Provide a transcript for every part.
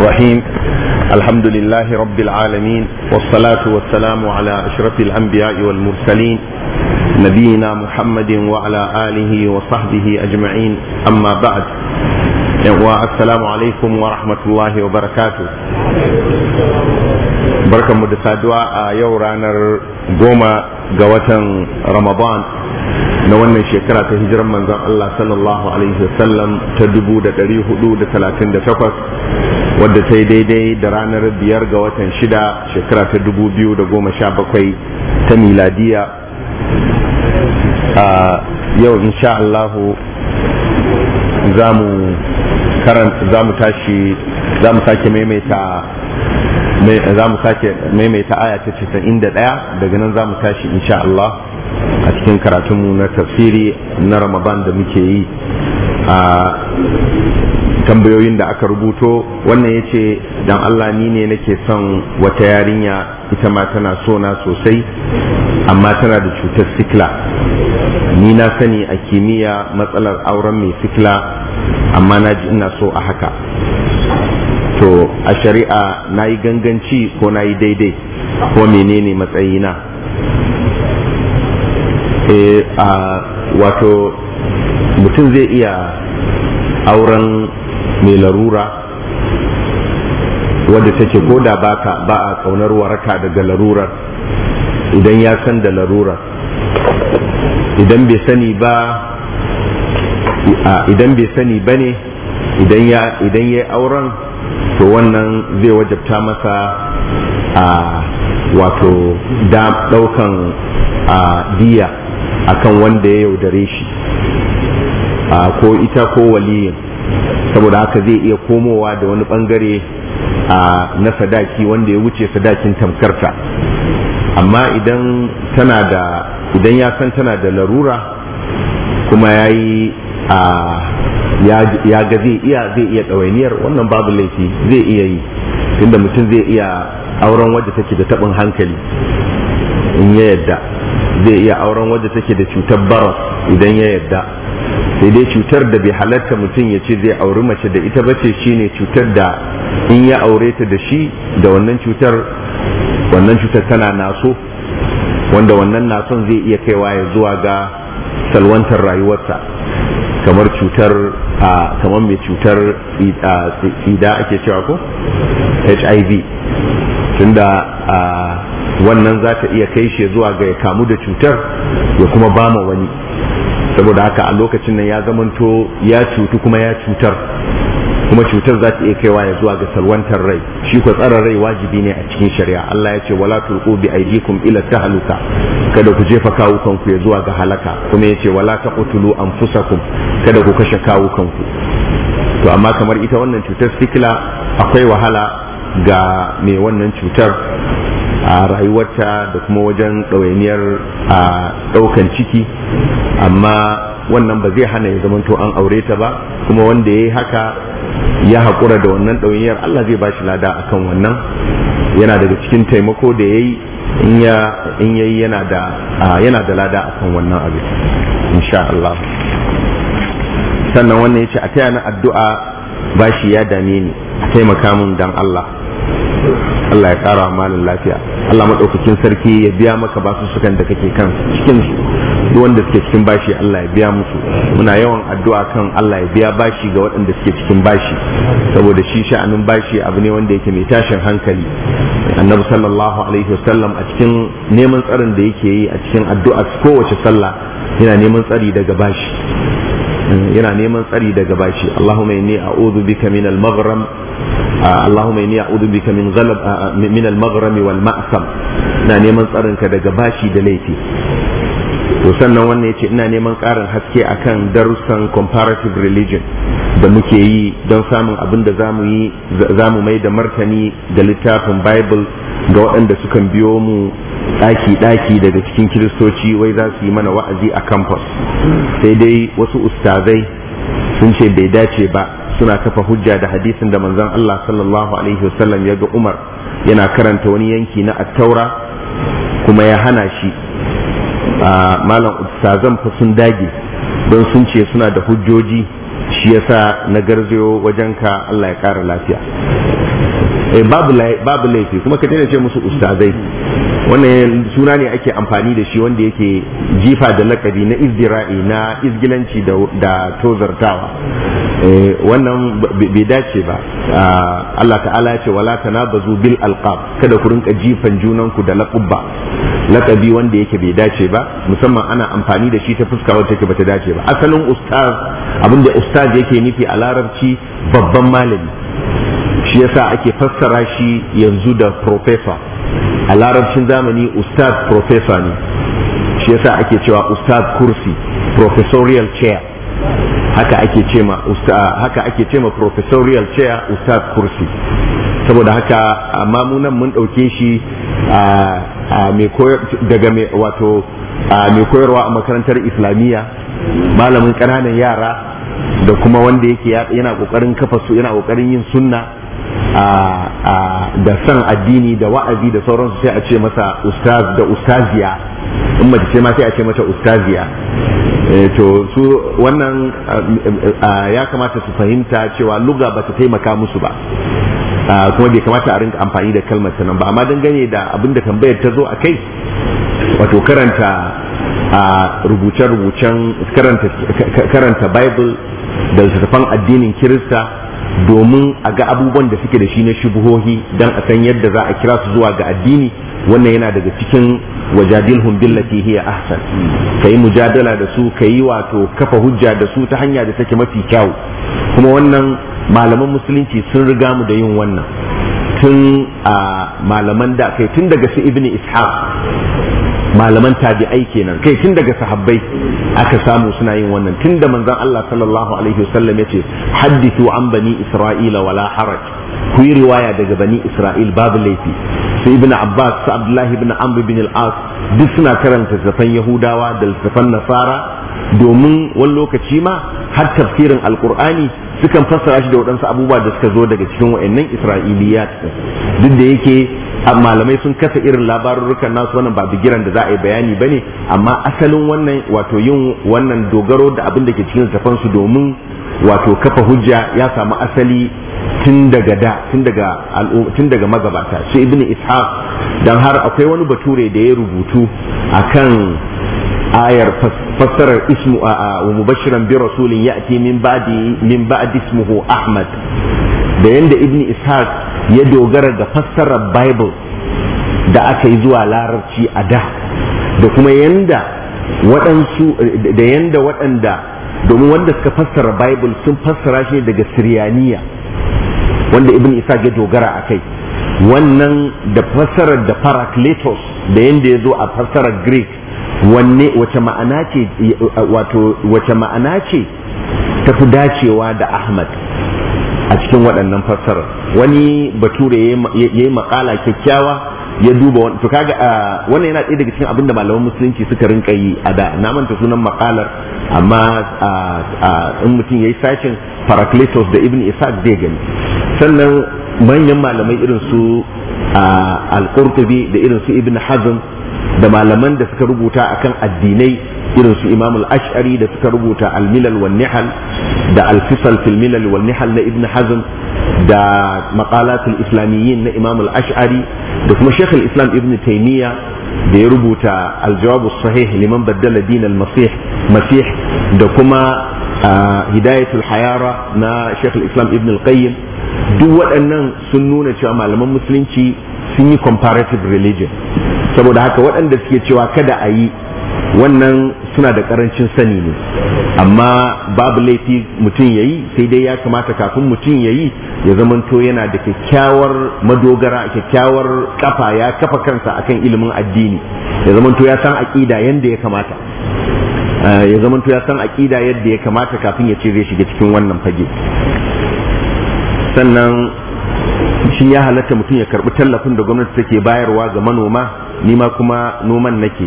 الرحيم الحمد لله رب العالمين والصلاة والسلام على أشرف الأنبياء والمرسلين نبينا محمد وعلى آله وصحبه أجمعين أما بعد السلام عليكم ورحمة الله وبركاته barkanmu da saduwa a yau ranar goma ga watan ramadan na wannan shekara ta hijiran manzon Allah sallallahu alaihi wasallam ta 438 wadda ta yi daidai da ranar biyar ga watan shida shekara ta 2017 ta miladiya a yau insha Allah za mu tashi za mu sake maimaita za mu sake maimaita aya ta 91 daga nan za mu tashi insha Allah a cikin karatunmu na tafsiri na ramadan da muke yi a tambayoyin da aka rubuto wannan ya ce don allah ni ne nake son wata yarinya ita ma tana sona sosai amma tana da cutar sikla ni na sani a kimiyya matsalar auren mai sikla amma na ji ina so a haka to a shari'a na yi ganganci ko na yi daidai ko menene matsayina Eh, wato mutum zai iya auren mai larura wadda take ko da baka ba a kaunar waraka daga larurar idan ya san da larurar idan bai sani ba idan bai sani ba ne idan ya yi auren to wannan zai wajabta masa a wato daukan diya akan wanda ya yaudare shi a ko ita ko waliyin saboda haka zai iya komowa da wani bangare na sadaki wanda ya wuce sadakin tamkarta amma idan tana da idan ya san tana da larura kuma ya yi ya ga zai iya zai iya ɗawainiyar wannan babu laifi zai iya yi tunda mutum zai iya auren wadda take da taɓin hankali in ya yadda zai iya auren wadda take da cutar baron idan ya yadda sai dai cutar da bai halatta mutum ya ce zai auri mace da ita bace shine cutar da in ya aure ta da shi da wannan cutar wannan cutar tana naso wanda wannan nason zai iya kaiwa ya zuwa ga salwantar rayuwarsa kamar cutar a kamar mai cutar tsida ake cewa ko hiv tunda wannan za ta iya kai shi zuwa ga ya kamu da cutar ya kuma ba ma wani saboda haka a lokacin nan ya zamanto ya cutu kuma ya cutar kuma cutar za ta iya kaiwa ya zuwa ga salwantar rai shi ko tsara rai wajibi ne a cikin shari'a Allah ya ce wala tulqu bi aydikum ila tahluka kada ku jefa kawukan ku ya zuwa ga halaka kuma ya ce wala taqtulu anfusakum kada ku kashe kawukan ku to amma kamar ita wannan cutar sikila akwai wahala ga mai wannan cutar a rayuwarta da kuma wajen ɗawainiyar a ɗaukan ciki amma wannan ba zai hana ya zamanto an aure ta ba kuma wanda ya yi haka ya haƙura da wannan ɗawainiyar Allah zai ba shi lada a kan wannan yana daga cikin taimako da ya yi in ya yi yana da lada a kan wannan abu insha Allah sannan wannan ya ce a taya na addu'a ba shi ya dame ni a taimaka min dan Allah Allah ya kara malin lafiya Allah maɗaukakin sarki ya biya maka basu sukan da kake kan cikin duk wanda suke cikin bashi Allah ya biya musu muna yawan addu'a kan Allah ya biya bashi ga waɗanda suke cikin bashi saboda shi sha'anin bashi abu ne wanda yake mai tashin hankali annabi sallallahu alaihi wasallam a cikin neman tsarin da yake yi a cikin addu'a kowace sallah yana neman tsari daga bashi yana neman tsari daga bashi Allahumma inni a'udhu bika min al-maghram اللهم إني أعوذ بك من غلب من المغرم والمأثم na neman ka daga bashi da laifi to sannan wannan yace ina neman ƙarin haske akan darussan comparative religion da muke yi don samun abin da zamu yi zamu mai da martani da littafin bible ga waɗanda sukan biyo mu ɗaki-ɗaki daga cikin kiristoci wai za su yi mana wa'azi a campus sai dai wasu ustazai sun ce bai dace ba suna kafa hujja da hadisin da manzon Allah sallallahu alaihi wasallam ya ga Umar yana karanta wani yanki na attaura kuma ya hana shi a malam ustazan fa sun dage don sun ce suna da hujjoji shi yasa na garzayo wajen ka Allah ya kara lafiya eh, babu laifi kuma ka daina ce musu ustazai wannan suna ne ake amfani da shi wanda yake jifa da lakabi na izdira'i na izgilanci da tozartawa eh, wannan bai dace ba ah, Allah ta'ala ce wala tanabazu bil alqab kada ku rinka jifan junanku da laqabba lakabi wanda yake bai dace ba musamman ana amfani da shi ta fuska wacce take bata dace ba asalin ustaz abinda ustaz yake nufi a larabci babban malami shi yasa ake fassara shi yanzu da professor a larabcin zamani ustad professor ne shi yasa ake cewa ustad kursi professorial chair haka ake ce ma haka ake ce ma professorial chair ustad kursi saboda haka amma mu nan mun dauke shi daga mai wato mai koyarwa a makarantar islamiyya malamin ƙananan yara da kuma wanda yake yana kokarin kafa su yana kokarin yin sunna da san addini da wa'azi da sauransu sai a ce masa ustaz da ustaziya in mace ce ma sai a ce mata ustaziya eh, to su wannan ya kamata su fahimta cewa luga ba ta taimaka musu ba kuma bai kamata a rinka amfani da kalmar sanan ba amma gane da abin da tambayar ta zo a kai wato karanta a rubuce-rubucen karanta bible da littattafan addinin kirista domin a ga abubuwan da suke da shi na shubuhohi don a san yadda za a kira su zuwa ga addini wannan yana daga cikin wajadilhum billati hiya ahsan kai mujadala da su kai wato kafa hujja da su ta hanya da take mafi kyau kuma wannan malaman musulunci sun riga mu da yin wannan tun a malaman da kai tun daga su ibn ishaq malaman tabi'ai kenan kai tun daga sahabbai aka samu suna yin wannan tun da manzon Allah sallallahu alaihi wasallam yace hadithu an bani isra'ila wala haraj ku yi riwaya daga bani isra'il babu laifi sai ibn abbas sai abdullahi ibn amr bin al-as duk suna karanta zafan yahudawa da zafan nasara domin wani lokaci ma har tafsirin alqur'ani sukan fassara shi da waɗansu abubuwa da suka zo daga cikin wa'annan isra'iliyat duk da yake malamai sun kasa irin labarurrukan nasu wannan ba bigiran da za a yi bayani ba ne amma asalin wannan wato yin wannan dogaro da abin da ke cikin littafan su domin wato kafa hujja ya samu asali tun daga da tun daga tun daga magabata su Ibn ishaq dan har akwai wani bature da ya rubutu akan ayar fassarar ismu a wa mubashiran bi rasulin ya'ti min ba'di min ba'di ismuhu ahmad da yanda ibnu ishaq ya dogara da fassarar bible da aka yi zuwa larabci a da da kuma yanda waɗansu da yanda waɗanda domin wanda suka fassara bible sun fassara shi daga siriyaniya wanda ibn isa ya dogara a kai wannan da fassarar da parakletos da yanda ya zo a fassarar greek wanne wace ma'ana ce wato wace ma'ana ce ta fi dacewa da ahmad a cikin waɗannan fassarar wani bature ya yi makala kyakkyawa ya duba to kaga wannan yana ɗaya daga cikin abin malaman musulunci suka rinka yi a da na sunan makalar amma in mutum ya yi sashen paracletus da ibn isaac zai gani sannan manyan malamai irin su al-qurtubi da irin su ibn hazm da malaman da suka rubuta akan addinai irin su imam al-ash'ari da suka rubuta al-milal wal nihal da al-fisal fil milal wal nihal na ibn hazm da maqalatul islamiyyin na imam al-ash'ari da kuma sheikh al-islam ibn taymiya da ya rubuta al-jawab as-sahih liman baddala din al-masih masih da kuma hidayatul hayara na shaykh al-islam ibn al-qayyim duk waɗannan sun nuna cewa malaman musulunci sun yi comparative religion saboda haka waɗanda suke cewa kada a yi wannan suna da ƙarancin sani ne amma babu laifi mutum ya yi sai dai ya kamata kafin mutum ya yi ya zamanto yana da kyakkyawar madogara kyakkyawar kafa ya kafa kansa akan ilimin addini ya zamanto ya san aƙida yadda ya kamata eh, ya zamanto ya san aƙida yadda ya kamata kafin ya ce zai shiga cikin wannan fage sannan shi ya halatta mutum ya karbi tallafin da gwamnati take bayarwa ga manoma ni ma kuma noman nake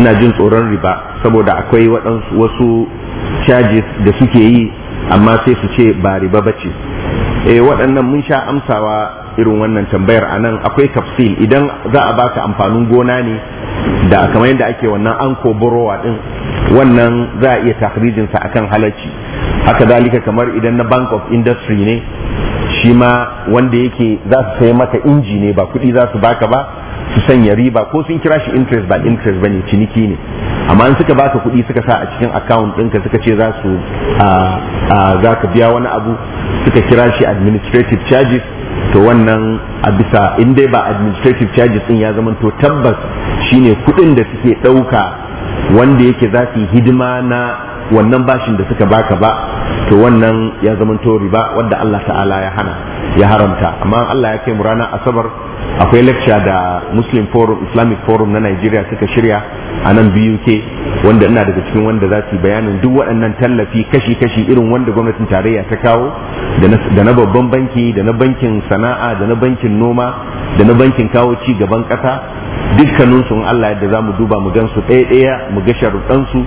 ina jin tsoron riba saboda akwai waɗansu wasu charges da suke yi amma sai su ce ba riba bace eh waɗannan mun sha amsawa irin wannan tambayar a nan akwai tafsil idan za a baka amfanin gona ne da kamar yadda ake wannan anko borowa din wannan za a iya tahrijinsa akan halarci haka zalika kamar idan na bank of industry ne shi ma wanda yake za su sai maka inji ne ba kuɗi za su baka ba su sanya riba ko sun kira shi interest ba interest ne ciniki ne amma in suka baka kuɗi suka sa a cikin account ɗinka suka ce za su za ka biya wani abu suka kira shi administrative charges to wannan a bisa in dai ba administrative charges ɗin ya zama to tabbas shine kuɗin da suke ɗauka wanda yake za su yi hidima na wannan bashin da suka baka ba to wannan ya zamanto riba wanda Allah ta'ala ya hana ya haramta amma Allah ya kai mu ranar asabar akwai lecture da Muslim Forum Islamic Forum na Nigeria suka shirya a nan BUK wanda ina daga cikin wanda za su bayanin duk waɗannan tallafi kashi-kashi irin wanda gwamnatin tarayya ta kawo da na babban banki da na bankin sana'a da na bankin noma da na bankin kawo ci gaban ƙasa dukkanin sun Allah yadda za mu duba mu gan su ɗaya-ɗaya mu ga sharuɗansu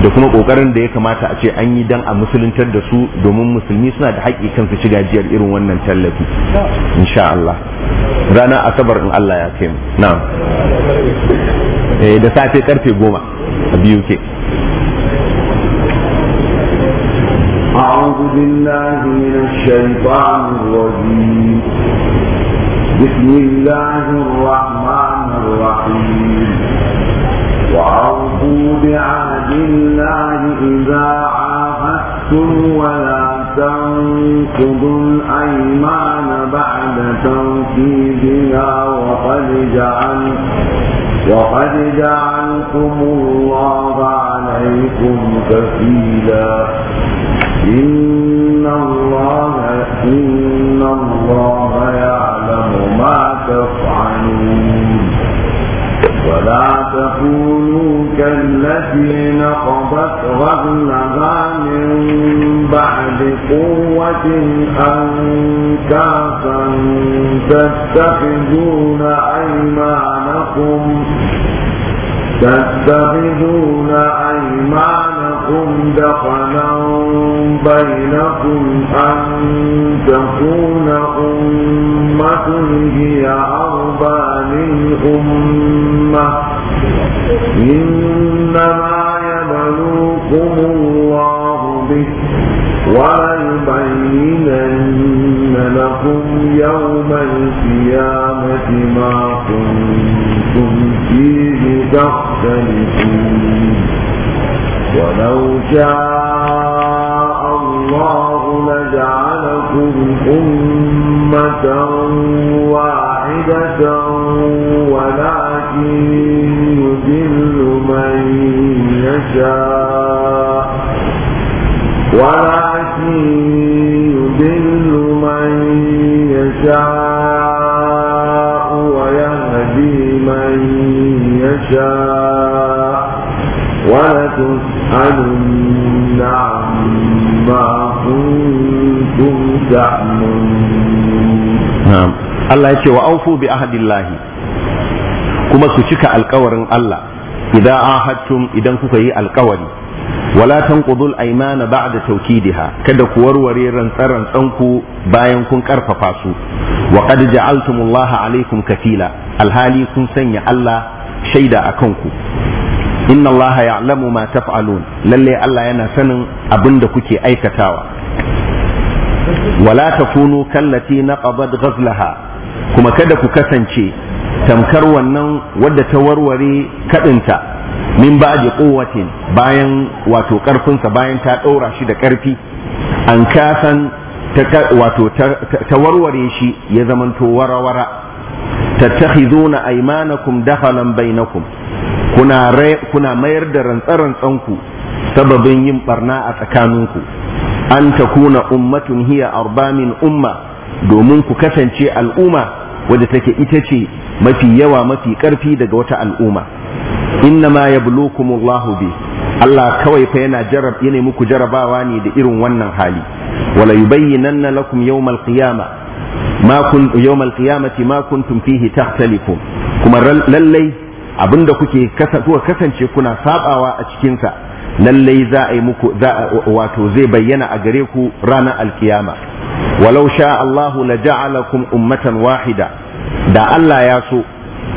da kuma ƙoƙarin da ya kamata a ce an yi dan a musuluntar da su su domin musulmi suna da haƙƙi kan su ci gajiyar irin wannan tallafi insha Allah rana asabar in Allah ya kai mu na'am eh, da safe karfe goma a biyu أعوذ بالله من الشيطان الرجيم بسم الله الرحمن الرحيم أوفوا بعهد الله إذا عاهدتم ولا تنقضوا الأيمان بعد توكيدها وقد جعل وقد جعلكم الله عليكم كفيلا إن الله إن الله يعلم ما تفعلون ولا تكونوا كالتي نقضت غزلها من بعد قوة أنكاسا تتخذون أيمانكم تتخذون أيمانكم دخلا بينكم أن تكون أمة هي أربى من أمة إنما يبلوكم الله به وليبينن لكم يوم القيامة ما كنتم فيه تختلفون ولو شاء الله لجعلكم أمة واحدة ولكن يذل من يشاء ولكن يذل من يشاء يشاء ولتسألن عما كنتم تعملون الله يقول وأوفوا الله kuma su cika alkawarin Allah idan idan kuka yi alkawari wala tanqudul aymana ba'da tawkidiha kada ku warware rantsaran bayan kun karfafa su wa ja'altumullaha alaykum kafila alhali kun sanya Allah shaida a kanku inna Allah ya'lamu ma taf'alun lalle Allah yana sanin abin da kuke aikatawa wala takunu kallati naqadat ghazlaha kuma kada ku kasance tamkar wannan wadda ta warware kadinta min ba'di quwwatin bayan wato karfinsa bayan ta daura shi da ƙarfi, an kasan wato ta warware shi ya zamanto warawara tattakhizuna aymanakum dakhalan bainakum kuna kuna mayar da rantsarantsanku sababin yin barna a tsakaninku an takuna ummatun hiya arba min umma domin ku kasance al'umma wadda take ita ce mafi yawa mafi karfi daga wata al'umma innama yablukumullahu bi Allah kawai fa yana jarab yana muku jarabawa ne da irin wannan hali wala yubayyinanna lakum yawmal qiyamah ma kun yawmal qiyamati ma kuntum fihi takhtalifun kuma lallai abinda kuke kasance kuna sabawa a cikin sa lallai za a yi muku wato zai bayyana a gare ku ranar alkiyama walau sha Allahu la ja'alakum ummatan wahida da Allah ya so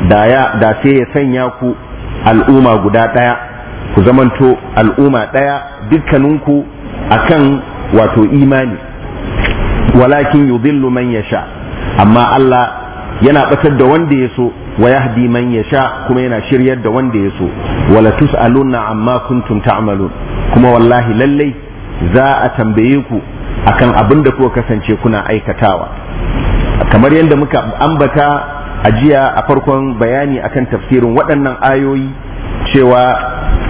da ya da sai ya sanya ku al'umma guda daya ku zamanto al'umma daya dukkaninku akan wato imani walakin yudhillu man yasha amma Allah yana batar da wanda ya so wa yahdi man sha kuma yana shiryar da wanda ya so wala tusaluna amma kuntum ta'malun kuma wallahi lallai za a tambaye ku akan abin da kuka kasance kuna aikatawa kamar yadda muka ambata a jiya a farkon bayani akan tafsirin waɗannan ayoyi cewa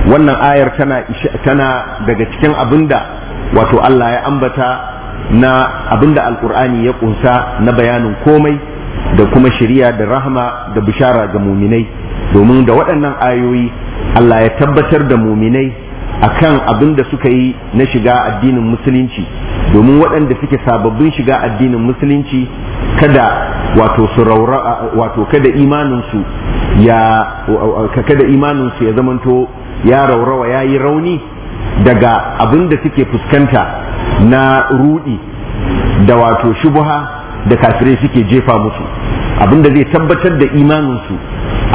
wannan ayar tana tana daga cikin abin wato Allah ya ambata na abinda alkur'ani ya kunsa na bayanin komai da kuma shiriya da rahama da bishara ga muminai domin da waɗannan ayoyi Allah ya tabbatar da muminai akan abin da suka yi na shiga addinin musulunci domin waɗanda suke sababbin shiga addinin musulunci kada wato su raura wato kada imaninsu ya kada imaninsu ya zamanto ya raurawa yayi rauni daga abin da suke fuskanta na rudi da wato shubuha da kafirai suke jefa musu abinda zai tabbatar da imaninsu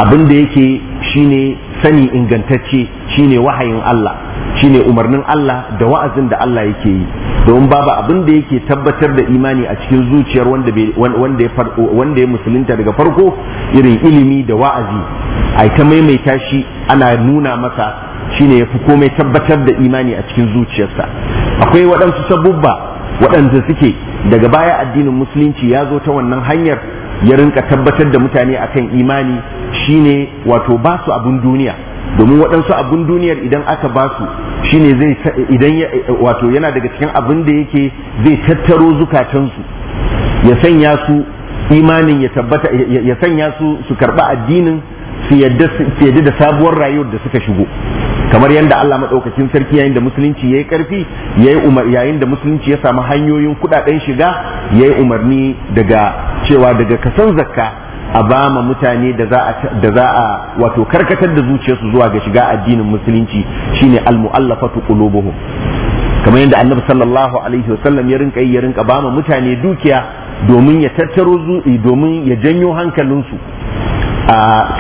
abinda yake shine sani ingantacce shine wahayin Allah shine umarnin Allah da wa'azin da Allah yake yi domin babu abin da yake tabbatar da imani a cikin zuciyar wanda wanda ya wanda ya musulunta daga farko irin ilimi da wa'azi ai ta maimaita shi ana nuna masa shine ya fi komai tabbatar da imani a cikin zuciyarsa akwai waɗansu sabubba waɗanda suke daga baya addinin musulunci ya zo ta wannan hanyar ya rinka tabbatar da mutane akan imani shine wato ba su abin duniya domin waɗansu abin duniyar idan aka ba su shine zai idan wato yana daga cikin abin da yake zai tattaro zukatansu ya sanya su imanin ya tabbata ya sanya su su karɓi addinin su yadda da sabuwar rayuwar da suka shigo kamar yadda Allah maɗaukacin sarki yayin da musulunci ya yi ƙarfi yayin da musulunci ya samu hanyoyin kuɗaɗen shiga ya yi umarni daga cewa daga kasan zakka a ba ma mutane da za a wato karkatar da zuciyarsu zuwa ga shiga addinin musulunci shine al-mu'allafatu qulubuhum kamar yadda annabi sallallahu alaihi wasallam ya rinka ya rinka ba mutane dukiya domin ya tattaro domin ya janyo hankalinsu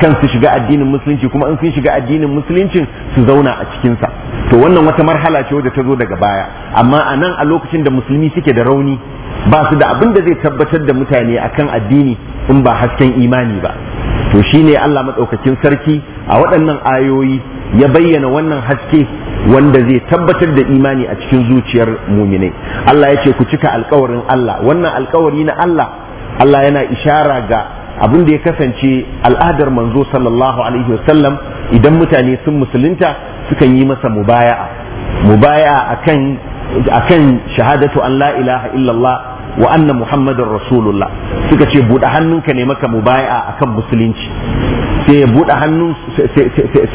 kan su shiga addinin musulunci kuma in sun shiga addinin musulunci su zauna a cikinsa to wannan wata marhala ce wadda ta zo daga baya amma a nan a lokacin da musulmi suke da rauni ba su da abin da zai tabbatar da mutane akan addini in ba hasken imani ba to shine Allah madaukakin sarki a waɗannan ayoyi ya bayyana wannan haske wanda zai tabbatar da imani a cikin zuciyar muminai Allah ya ce ku cika alƙawarin Allah wannan alƙawari na Allah Allah yana ishara ga abin da ya kasance al'adar manzo sallallahu alaihi wasallam idan mutane sun musulunta sukan yi masa mubaya'a mubaya'a akan akan shahadatu an la ilaha illallah wa anna muhammadar rasulullah suka ce buɗe hannunka ne maka mubaya'a akan musulunci sai ya buɗe hannun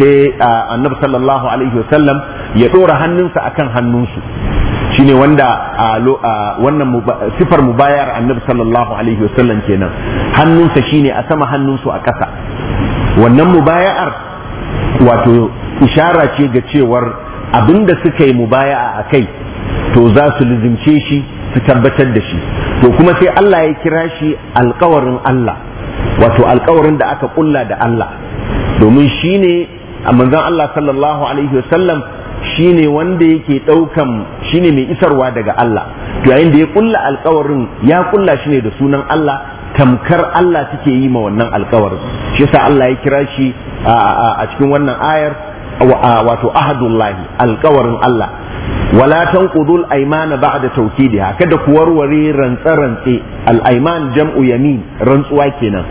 sai annabi sallallahu alaihi wasallam ya ɗora hannunsa akan hannunsu shine wanda a wannan sifar mubayar annabi sallallahu alaihi wasallam kenan hannunsa shine a sama hannunsu a ƙasa wannan mubaya'ar wato ishara ce ga cewar abinda suka yi mubaya'a a kai to za su lizimce shi su tabbatar da shi to kuma sai Allah ya kira shi alkawarin Allah wato alkawarin da aka kulla da Allah domin shine a manzon Allah sallallahu alaihi wasallam shine wanda yake daukan shine mai isarwa daga Allah to yayin da ya kulla alkawarin ya kulla shi ne da sunan Allah tamkar Allah take yi ma wannan alkawarin shi yasa Allah ya kira shi a cikin wannan ayar wato ahadullahi alkawarin Allah wala tanqudul aymana ba'da tawkidiha kada ku warware rantsa rantse al jam'u yamin rantsuwa kenan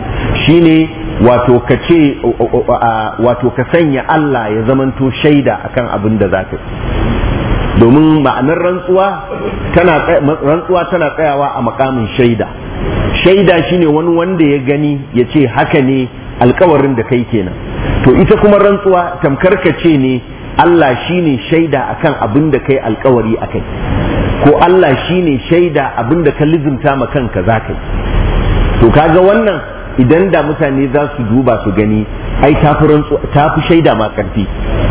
shine wato ka ce wato ka sanya Allah ya zamanto shaida akan abin da za ka domin ma'anar rantsuwa tana rantsuwa tana tsayawa a makamin shaida shaida shine wani wanda ya gani ya ce haka ne alkawarin da kai kenan to ita kuma rantsuwa tamkar ka ce ne Allah shine shaida akan abin da kai alkawari akai ko Allah shine shaida abin da ka lizimta ma kanka zakai to kaga wannan idan da mutane za su duba su gani ai ta fi shaida ma karfi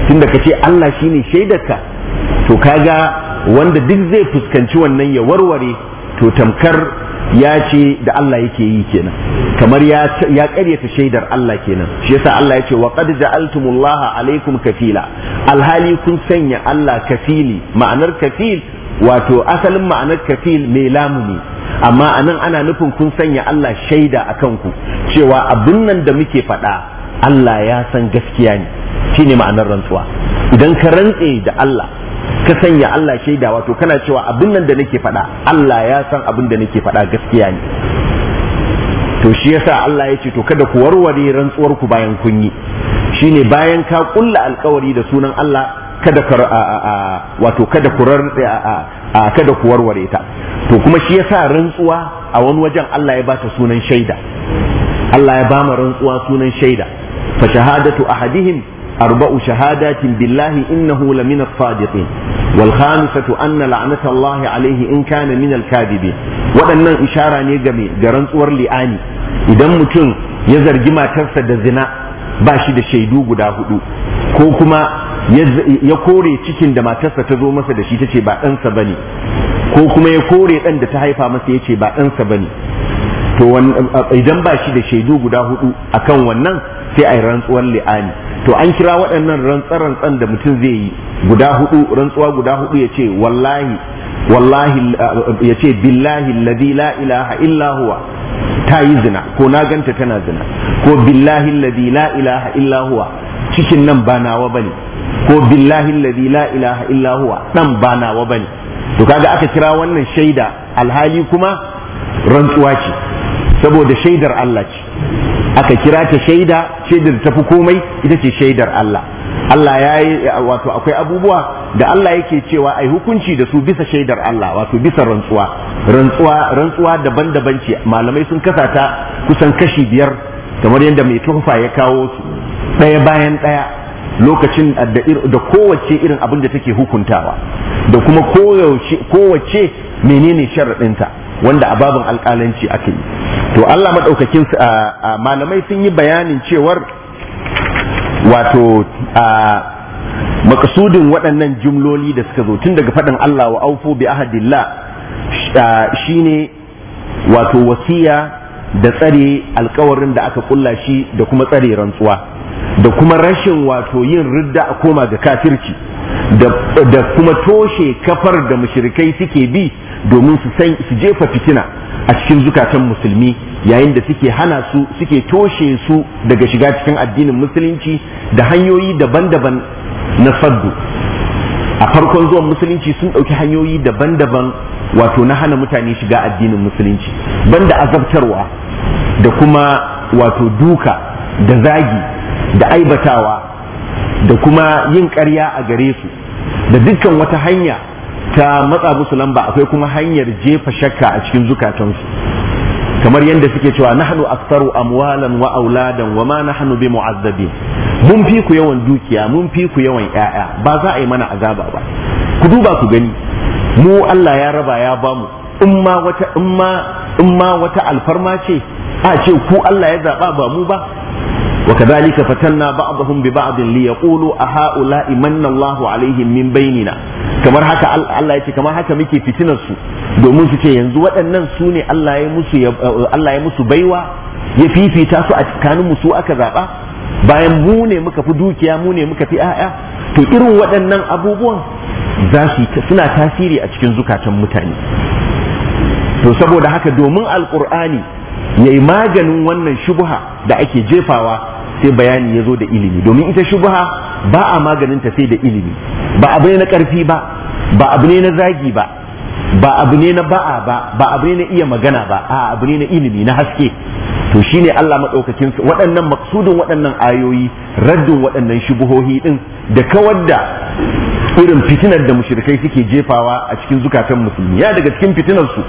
tunda ka ce Allah shine shaidarka to kaga wanda duk zai fuskanci wannan ya warware to tamkar ya ce da Allah yake yi kenan kamar ya karyata shaidar Allah kenan shi yasa Allah ya ce wa qad ja'altumullaha alaikum kafila alhali kun sanya Allah kafili ma'anar kafil wato asalin ma'anar kafil mai lamuni amma anan ana nufin kun sanya Allah shaida a kanku cewa abin nan da muke faɗa Allah ya san gaskiya ne shine ma'anar rantsuwa idan ka rantse da Allah ka sanya Allah shaida wato kana cewa abin nan da nake faɗa Allah ya san abin da nake faɗa gaskiya ne to shi yasa Allah ya ce to kada ku warware rantsuwar ku bayan kun yi shine bayan ka kulla alkawari da sunan Allah kada ka wato kada ku kada ku warware ta to kuma shi yasa rantsuwa a wani wajen Allah ya bata sunan shaida Allah ya bama rantsuwa sunan shaida fa shahadatu ahadihim arba'u shahadatin billahi innahu lamina as-sadiqin wal khamisatu anna la'nata Allah alayhi in kana min al-kadibin waɗannan ishara ne game ga rantsuwar li'ani idan mutum ya zargi matarsa da zina ba shi da shaidu guda hudu ko kuma ya kore cikin da matarsa ta zo masa da shi ta ce ba ɗansa ba ne ko kuma ya kore ɗan da ta haifa masa ya ce ba ɗansa ba ne to idan ba shi da shaidu guda hudu kan wannan sai a yi rantsuwar li'ani to an kira waɗannan rantsarantsan da mutum zai yi guda hudu rantsuwa guda hudu ya ce wallahi wallahi eh, ya ce billahi alladhi la ilaha illa huwa ta yi zina ko na ganta tana zina ko billahi alladhi la ilaha illa huwa cikin nan ba nawa bane ko billahi alladhi la ilaha illa huwa dan ba nawa bane to kaga aka kira wannan shaida alhali kuma rantsuwa ce saboda shaidar Allah ce aka kira ta shaida shaidar tafi komai ita ce shaidar Allah Allah ya yi wato akwai abubuwa da Allah yake cewa ai hukunci da su bisa shaidar Allah wato bisa rantsuwa rantsuwa rantsuwa daban-daban ce malamai sun kasata kusan kashi biyar kamar yadda mai tufa ya kawo su ɗaya bayan ɗaya lokacin da kowace irin abin da take hukuntawa da kuma kowace menene sharaɗinta wanda a babin alƙalanci ake yi to Allah maɗaukakin malamai sun yi bayanin cewar wato makasudin waɗannan jumloli da suka zo tun daga faɗin Allah wa aufu bi ahadillah shine wato wasiya da tsare alkawarin da aka kulla shi da kuma tsare rantsuwa da kuma rashin wato yin ridda a koma ga kafirci da kuma toshe kafar da mushrikai suke bi domin su jefa fitina a cikin zukatan musulmi yayin da suke hana su suke toshe su daga shiga cikin addinin musulunci da hanyoyi daban-daban na saddu a farkon zuwan musulunci sun ɗauki hanyoyi daban-daban wato na hana mutane shiga addinin musulunci banda azabtarwa da kuma wato duka da zagi da aibatawa da kuma yin ƙarya a gare su da dukkan wata hanya ta matsa musu lamba akwai kuma hanyar jefa shakka a cikin zukatansu kamar yadda suke cewa nahnu aktaru amwalan wa auladan wa ma nahnu bi mu'azzabin mun fi ku yawan dukiya mun fi ku yawan yaya ba za a yi mana azaba ba ku duba ku gani mu Allah ya raba ya bamu in ma wata in ma in ma wata alfarma ce a ce ku Allah ya zaba ba mu ba وكذلك فتنا بعضهم ببعض ليقولوا أهؤلاء من الله عليهم من بيننا kamar haka Allah yace kamar haka muke fitinar su domin su ce yanzu waɗannan su ne Allah ya musu baiwa ya fifita su a tsakanin mu su aka zaɓa bayan mu ne muka fi dukiya mu ne muka fi ƴaƴa to irin waɗannan abubuwan za suna tasiri a cikin zukatan mutane to saboda haka domin alqur'ani yayi maganin wannan shubha da ake jefawa sai bayani ya zo da ilimi domin ita shubha ba a maganin ta sai da ilimi ba abu ne na karfi ba ba abu ne na zagi ba ba abu ne na ba'a ba ba abu ne na iya magana ba a abu ne na ilimi na haske to shine Allah madaukakin waɗannan maksudun waɗannan ayoyi raddin waɗannan shubuhohi din da kawar da irin fitinar da mushrikai suke jefawa a cikin zukatan musulmi ya daga cikin fitinar su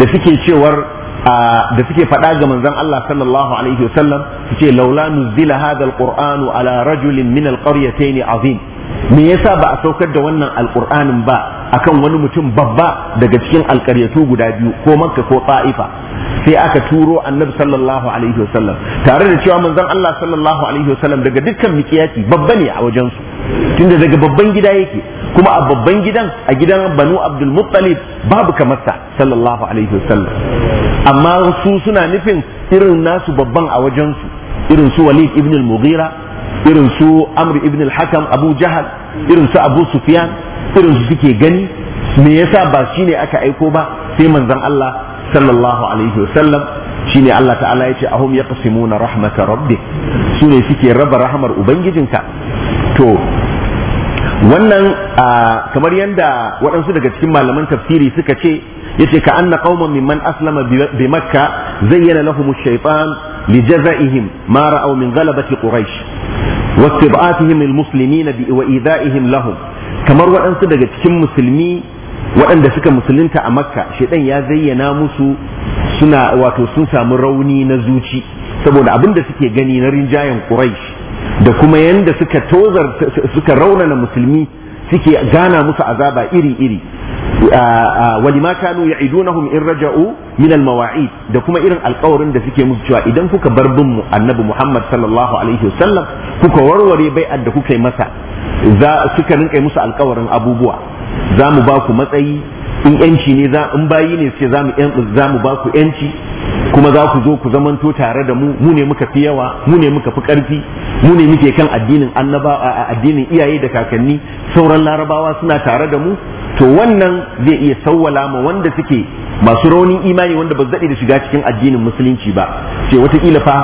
da suke cewar da suke faɗa ga manzon Allah sallallahu alaihi wasallam su ce laula nuzila hadha alqur'anu ala rajulin min alqaryatayn azim me yasa ba a saukar da wannan alqur'anin ba akan wani mutum babba daga cikin alƙaryatu guda biyu ko makka ko ta'ifa sai aka turo annabi sallallahu alaihi wasallam tare da cewa manzon Allah sallallahu alaihi wasallam daga dukkan mikiyati babba ne a wajen su tunda daga babban gida yake kuma a babban gidan a gidan Banu Abdul Muttalib babu kamar sallallahu alaihi wasallam amma su suna nufin irin nasu babban a wajensu irin su walid ibn al-mughira irin su amr ibn al-hakam abu jahal irin su abu sufyan irin su suke gani me yasa ba shine aka aiko ba sai manzon Allah sallallahu alaihi wasallam shine Allah ta'ala yace ahum yaqsimuna rahmata rabbi sune suke raba rahmar ubangijinka to wannan kamar yadda waɗansu daga cikin malaman tafsiri suka ce yace ka anna qauman mimman aslama bi makka zayyana lahum ash-shaytan li jazaihim ma ra'aw min ghalabati quraish wa istib'atihim al-muslimina wa idaihim lahum kamar waɗansu daga cikin musulmi waɗanda suka musulunta a makka shaidan ya zayyana musu suna wato sun samu rauni na zuci saboda abin da suke gani na rinjayen quraish da kuma yanda suka tozar suka raunana musulmi suke gana musu azaba iri-iri walima kanu ya'idunahum in raja'u min al-mawa'id da kuma irin alƙawarin da suke musu cewa idan kuka bar bin mu annabi Muhammad sallallahu alaihi wasallam kuka warware bai'ar da kuka masa za suka rinka musu alƙawarin abubuwa za mu matsayi in yanci in bayi ne suke za mu za yanci kuma za ku zo ku zamanto tare da mu mu ne muka fi yawa mu ne muka fi karfi mu ne muke kan addinin annaba addinin iyaye da kakanni sauran larabawa suna tare da mu to wannan zai iya sawwala ma wanda suke masu raunin imani wanda ba zaɗe da shiga cikin addinin musulunci ba ce wataƙila fa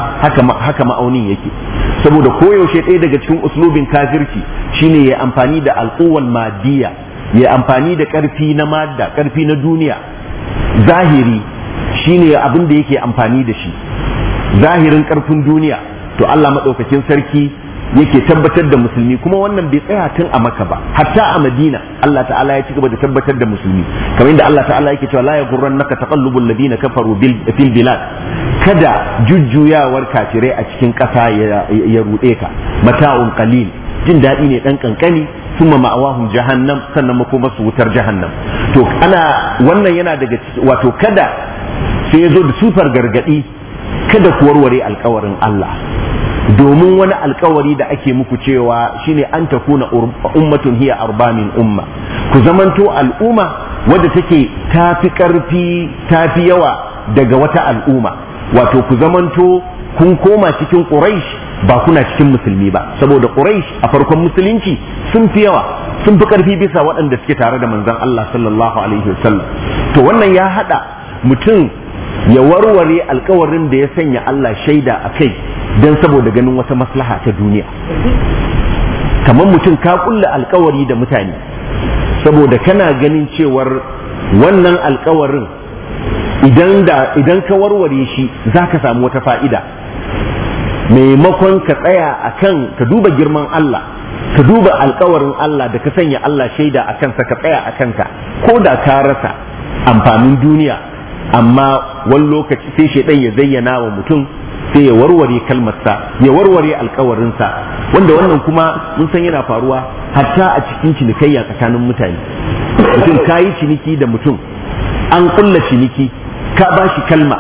haka ma'aunin yake saboda koyaushe ɗaya daga cikin uslubin kafirci shine ya amfani da alƙuwal madiya ya amfani da ƙarfi na madda ƙarfi na duniya zahiri shine abin da yake amfani da shi zahirin karfin duniya to Allah madaukakin sarki yake tabbatar da musulmi kuma wannan bai tsaya tun a maka ba hatta a madina Allah ta'ala ya ci gaba da tabbatar da musulmi kamar inda Allah ta'ala yake cewa la yaghurrannaka taqallubul ladina kafaru fil bilad kada jujjuyawar kafirai a cikin ƙasa ya rude ka mata'un qalil jin daɗi ne dan kankani thumma ma'awahum jahannam sannan makomarsu wutar jahannam to ana wannan yana daga wato kada sai ya zo da sifar gargadi kada ku warware alkawarin Allah domin wani alkawari da ake muku cewa shine an ta kuna ummatun hiya arba umma ku zamanto al'umma wadda take tafi karfi tafi yawa daga wata al'umma wato ku zamanto kun koma cikin quraish ba kuna cikin musulmi ba saboda quraish a farkon musulunci sun fi yawa sun fi karfi bisa waɗanda suke tare da manzon Allah sallallahu alaihi wasallam to wannan ya hada mutum ya warware alkawarin da ya sanya Allah shaida a kai don saboda ganin wata maslaha ta duniya kamar mutum ka kulla alkawari da mutane saboda kana ganin cewar wannan alkawarin idan ka warware shi za ka samu wata fa'ida maimakon ka tsaya a kan ka duba girman Allah ka duba alkawarin Allah da ka sanya Allah shaida a kansa ka tsaya a kanka ko da ka rasa amfanin duniya amma wani lokaci sai shaidan ya zayyana wa mutum sai ya warware kalmarsa ya warware alkawarinsa wanda wannan kuma mun san yana faruwa hatta a cikin cinikayya tsakanin mutane mutum ka yi ciniki da mutum an kulla ciniki ka ba shi kalma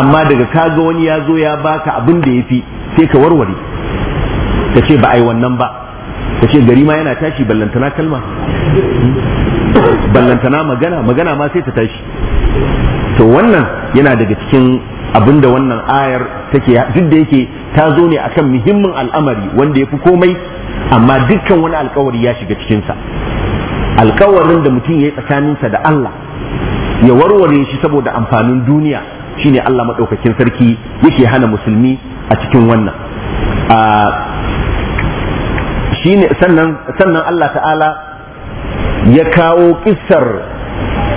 amma daga ka ga wani ya zo ya baka abin da ya fi sai ka warware ka ba a yi wannan ba ka ce gari ma yana tashi ballantana kalma hmm? ballantana magana magana ma sai ta tashi to wannan yana daga cikin abinda wannan ayar take duk da yake ta zo ne akan muhimmin al'amari wanda ya fi komai amma dukkan wani alkawari ya shiga cikinsa alkawarin da mutum ya yi tsakaninsa da Allah ya warware shi saboda amfanin duniya shine Allah maɗaukakin sarki yake hana musulmi a cikin wannan sannan Allah ta'ala ya kawo kissar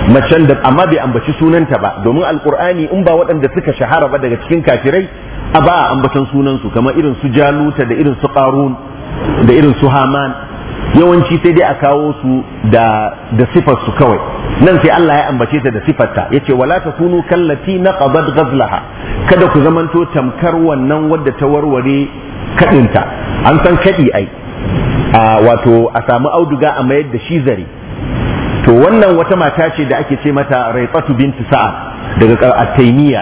macen da amma bai ambaci sunanta ba domin alkur'ani in ba waɗanda suka shahara ba daga cikin kafirai a ba a ambatan sunansu kamar irin su jaluta da irin su qarun da irin su haman yawanci sai dai a kawo su da da su kawai nan sai Allah ya ambace ta da sifarta yace wala takunu kallati naqadat ghazlaha kada ku zamanto tamkar wannan wadda ta warware kadinta an san kadi ai wato a samu auduga a mayar da shi zare to wannan wata mata ce da ake ce mata raifatu bintu Sa'a daga at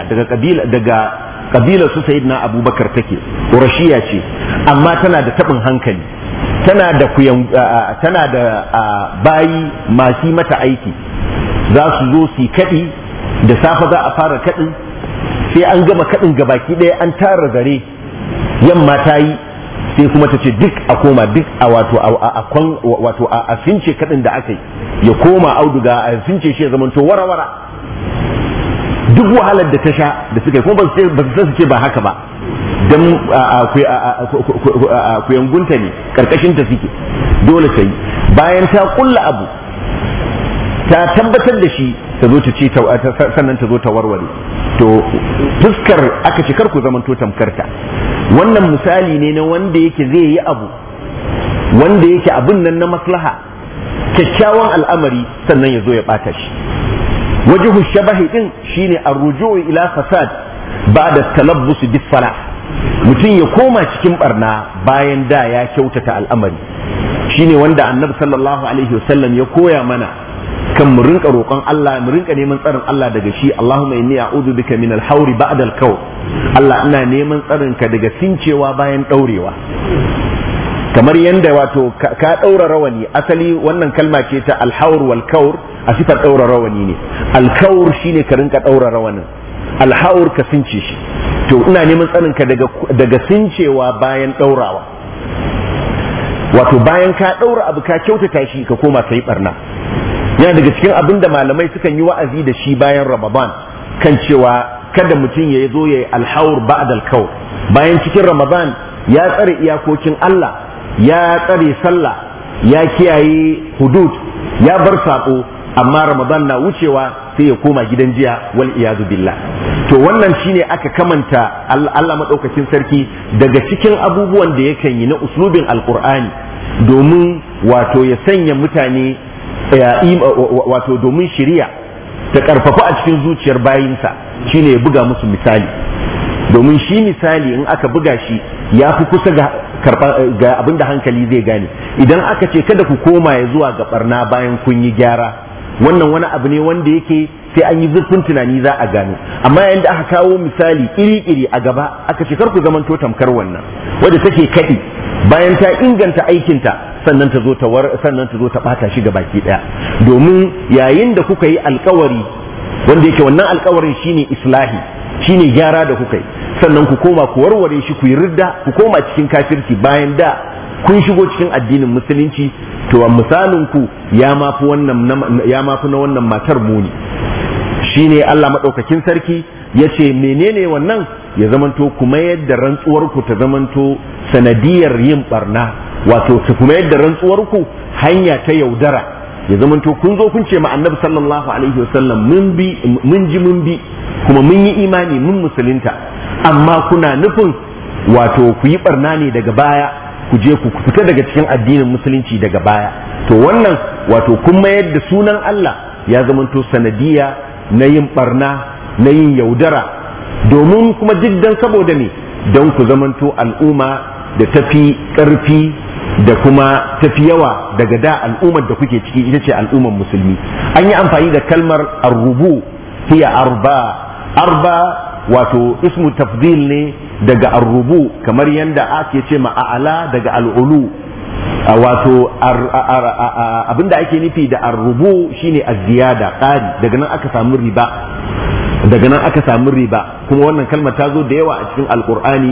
daga kabila daga kabila su na abubakar take urashiya ce amma tana da taɓin hankali tana da tana da bayi masu mata aiki za su zo su kaɗi da safe za a fara kaɗin sai an gama kaɗin gabaki ɗaya an tara zare yamma ta yi sai kuma ta ce duk a koma duk a wato a kwan wato a fince kadin da aka yi ya koma auduga a fince shi ya zamanto warawara duk wahalar da ta sha da suka yi kuma ba su su ce ba haka ba dan kuyangunta ne karkashin ta suke dole ta bayan ta kulla abu ta tabbatar da shi ta zo ta ce sannan ta zo ta warware to fuskar aka ce karku zamanto tamkarta wannan misali ne na wanda yake zai yi abu wanda yake abin nan na maslaha kyakkyawan al'amari sannan ya zo ya ɓata shi wajihu shabahi din shine arrujo ila fasad ba da talabbus bisfala mutum ya koma cikin barna bayan da ya kyautata al'amari shine wanda annabi sallallahu alaihi wasallam ya koya mana kan mu rinka roƙon Allah mu rinka neman tsarin Allah daga shi Allahumma inni a'udhu bika min al-hawri ba'da al-kaw Allah ina neman tsarin ka daga sincewa bayan daurewa kamar yanda wato ka daura rawani asali wannan kalma ce ta al-hawr wal kawr a sifar daura rawani ne al-kawr shine ka rinka daura rawanin al-hawr ka since shi to ina neman tsarin ka daga daga sincewa bayan daurawa wato bayan ka daura abu ka kyautata shi ka koma kai barna yana daga cikin abin da malamai sukan yi wa'azi da shi bayan ramadan kan cewa kada mutum ya zo ya yi alhaur ba'ad alkaur bayan cikin ramadan ya tsare iyakokin Allah ya tsare sallah ya kiyaye hudud ya bar saƙo amma ramadan na wucewa sai ya koma gidan jiya wal iyazu billah to wannan shine aka kamanta Allah madaukakin sarki daga cikin abubuwan da yakan yi na uslubin alqur'ani domin wato ya sanya mutane wato domin shirya ta karfafa a cikin zuciyar bayinsa shine ya buga musu misali domin shi misali in aka buga shi ya fi kusa ga abin da hankali zai gane idan aka ce kada ku koma ya zuwa ga barna bayan kun yi gyara wannan wani abu ne wanda yake sai an yi zurfin tunani za a gano amma yayin aka kawo misali iri-iri a gaba aka ce kar ku zamanto tamkar wannan wadda take kadi bayan ta inganta aikinta sannan ta zo ta war sannan ta zo ta bata shi ga baki daya domin yayin da kuka yi alkawari wanda yake wannan alkawarin shine islahi shine gyara da kuka yi sannan ku koma ku warware shi ku yi ridda ku koma cikin kafirci bayan da kun shigo cikin addinin musulunci to misalin ku ya mafi wannan ya mafi na wannan matar muni shine Allah madaukakin sarki ya ce menene wannan ya zamanto kuma yadda rantsuwar ku ta zamanto sanadiyar yin barna wato ku mayar da rantsuwarku hanya ta yaudara ya zamanto kun zo kun ce ma annabi sallallahu alaihi wasallam mun bi mun ji mun bi kuma mun yi imani mun musulunta amma kuna nufin wato ku yi barna ne daga baya ku je ku fita daga cikin addinin musulunci daga baya to wannan wato kun mayar da sunan Allah ya zamanto sanadiya na yin barna na yin yaudara domin kuma jiddan saboda ne don ku zamanto al'umma da tafi ƙarfi da kuma tafi yawa daga da al'ummar da kuke ciki ita ce al'ummar musulmi an yi amfani da kalmar arrubu hiya arba arba wato ismu tafdil ne daga arrubu kamar yadda ake ce ma'ala daga al'ulu wato abinda ake nufi da arrubu shine az-ziyada ƙari daga nan aka samu riba daga nan aka samu riba kuma wannan kalmar ta zo da yawa a cikin alkur'ani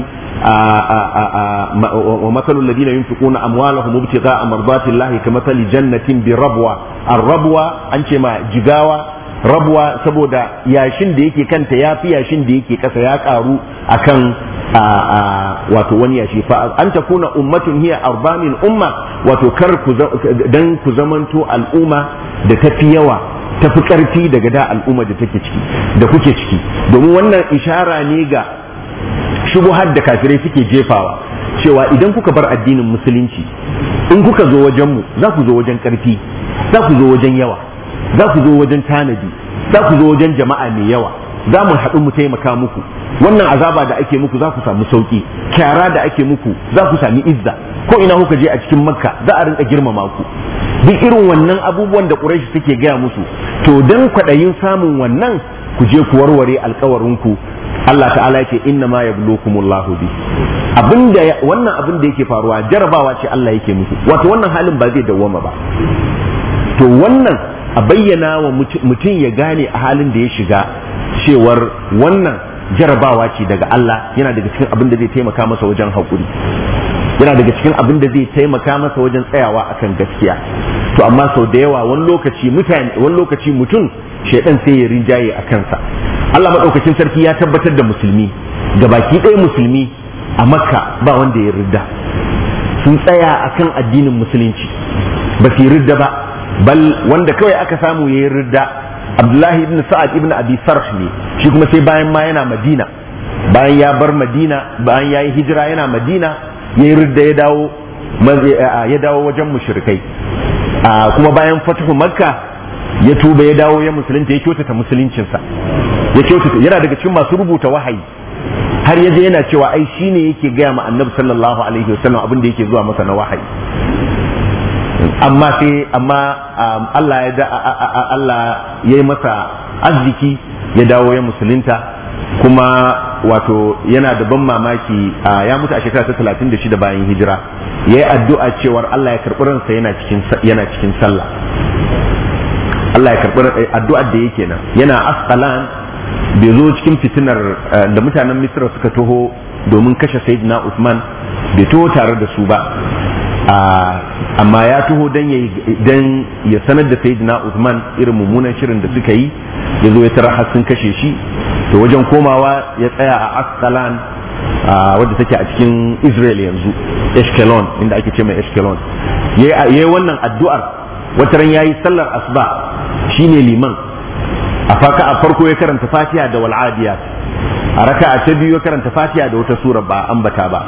wa matsalul ladina yunfiquna amwalahum ibtigha'a mardati ka kamathali jannatin bi rabwa An rabwa an ce ma jigawa rabuwa saboda yashin da yake kanta ya fi yashin da yake kasa ya karu akan wato wani yashi fa an ta kuna ummatun hiya arbanin umma wato kar dan ku zamanto al'umma da ta fi yawa ta fi karfi daga da al'umma da take ciki da kuke ciki domin wannan ishara ne ga har da kafirai suke jefawa cewa idan kuka bar addinin musulunci in kuka zo wajenmu za ku zo wajen karfi za ku zo wajen yawa za ku zo wajen tanadi za ku zo wajen jama'a mai yawa za mu haɗu mu taimaka muku wannan azaba da ake muku za ku samu sauki kyara da ake muku za ku sami izza ko ina kuka je a cikin makka za a rinka girmama ku duk irin wannan abubuwan da quraishi suke gaya musu to dan kwaɗayin samun wannan ku je ku warware ku. Allah ta'ala yake inna ma yablukumullahu bi abinda wannan abin da yake faruwa jarabawa ce Allah yake musu wato wannan halin ba zai dawwama ba to wannan a bayyana wa mutum ya gane a halin da ya shiga cewar wannan jarabawa ce daga Allah yana daga cikin abin da zai taimaka masa wajen haƙuri yana daga cikin abin da zai taimaka masa wajen tsayawa akan gaskiya to amma sau da yawa wani lokaci mutane wani lokaci mutum shaidan sai ya rinjaye a kansa Allah maɗaukacin sarki ya tabbatar da musulmi ga baki ɗaya musulmi a makka ba wanda ya ridda sun tsaya a kan addinin musulunci ba su ridda ba bal wanda kawai aka samu yi ridda abdullahi ibn sa'ad ibn abi sarh ne shi kuma sai bayan ma yana madina bayan ya bar madina bayan ya yi hijira yana madina yi ridda ya dawo ya dawo wajen mushrikai kuma bayan fatuhu makka ya tuba ya dawo ya musulunta ya kyautata musuluncinsa ya kyautata yana daga cikin masu rubuta wahayi har yaje yana cewa ai shine yake gaya ma annabi sallallahu alaihi wasallam abin da yake zuwa masa na wahayi amma sai amma um, Allah ya Allah ya masa arziki ya dawo ya musulunta kuma wato yana da ban mamaki ya mutu a shekara ta talatin da shida bayan hijira ya yi addu'a cewar Allah ya karɓi ransa yana cikin sallah Allah ya karɓi eh, addu'ar da yake nan yana asqalan bai zo cikin fitinar eh, da mutanen misra suka toho domin kashe sayyidina Usman bai toho tare da su ba amma ya taho don ya sanar da sayyidina Uthman irin mummunan shirin da suka yi ya zo ya tara har sun kashe shi to wajen komawa ya tsaya a a wadda take a cikin Israel yanzu Eskelon, inda ake ce mai Ashkelon yayi wannan addu'ar wata ran yayi sallar asuba shine liman a faka a farko ya karanta Fatiha da adiyat a raka'a ta biyu ya karanta Fatiha da wata sura ba ambata ba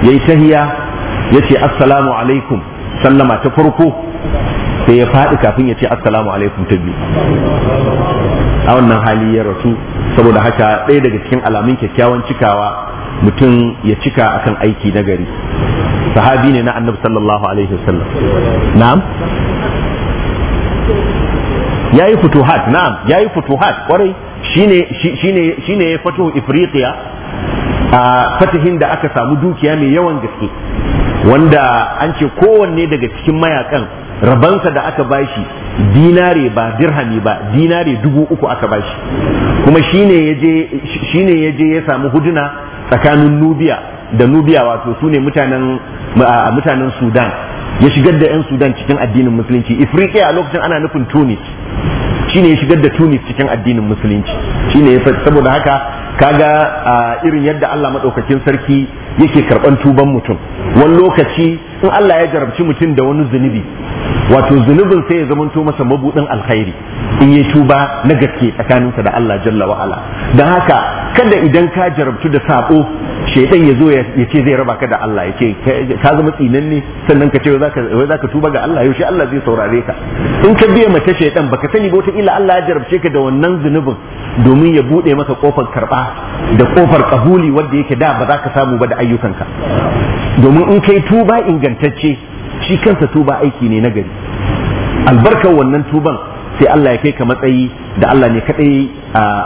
yayi tahiya ya ce assalamu alaikum sallama ta farko sai ya faɗi kafin ya ce assalamu alaikum ta biyu a wannan hali ya rasu saboda haka ɗaya daga cikin alamun kyakkyawan cikawa mutum ya cika akan aiki na gari sahabi ne na annabi sallallahu alaihi wasallam na'am yi futuhat na'am yi futuhat kwarai shine ne ya fito ifriqiya a fatihin da aka samu dukiya mai yawan gaske wanda an ce kowanne daga cikin mayakan rabansa da aka bashi dinare ba dirhami ba dinare dubu uku aka bashi kuma shine ya je ya samu huduna tsakanin nubiya da nubiya wato su ne mutanen sudan ya shigar da 'yan sudan cikin addinin musulunci ifriqiya a lokacin ana nufin tunis shine ya shigar da tunis cikin addinin musulunci shine ya saboda haka kaga irin yadda Allah madaukakin sarki yake karban tuban mutum wani lokaci in Allah ya jarabci mutum da wani zunubi wato zunubin sai ya zamanto masa mabudin alkhairi in yi tuba na gaske tsakaninsa da Allah jalla wa ala don haka kada idan ka jarabtu da sabo shaitan ya zo ya ce zai raba ka da Allah ya ce ka zama tsinan ne sannan ka ce wai za ka tuba ga Allah yaushe Allah zai saurare ka in ka biya mace shaitan baka sani ba wataƙila Allah ya jarabce ka da wannan zunubin domin ya buɗe maka kofar karɓa da kofar kabuli wanda yake da ba za ka samu ba da ayyukan ka. domin in kai tuba ingantacce shi kansa tuba aiki ne na gari albarkar wannan tuban sai Allah ya kai ka matsayi da Allah ne kadai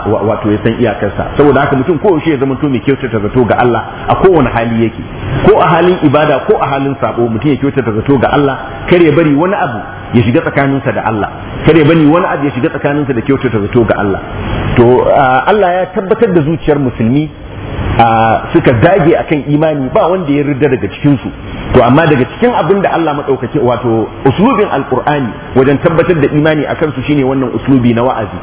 wato ya san iyakarsa saboda haka mutum ko yaushe ya zama to mai kyautata zato ga Allah a kowane hali yake ko a halin ibada ko a halin sabo mutum ya kyautata zato ga Allah kare ya bari wani abu ya shiga tsakaninsa da Allah kare ya bari wani abu ya shiga tsakaninsa da kyautata zato ga Allah to Allah ya tabbatar da zuciyar musulmi suka dage akan imani ba wanda ya rida daga cikinsu to amma daga cikin abin da Allah maɗaukaki wato uslubin alkur'ani wajen tabbatar da imani akan su shine wannan uslubi na wa'azi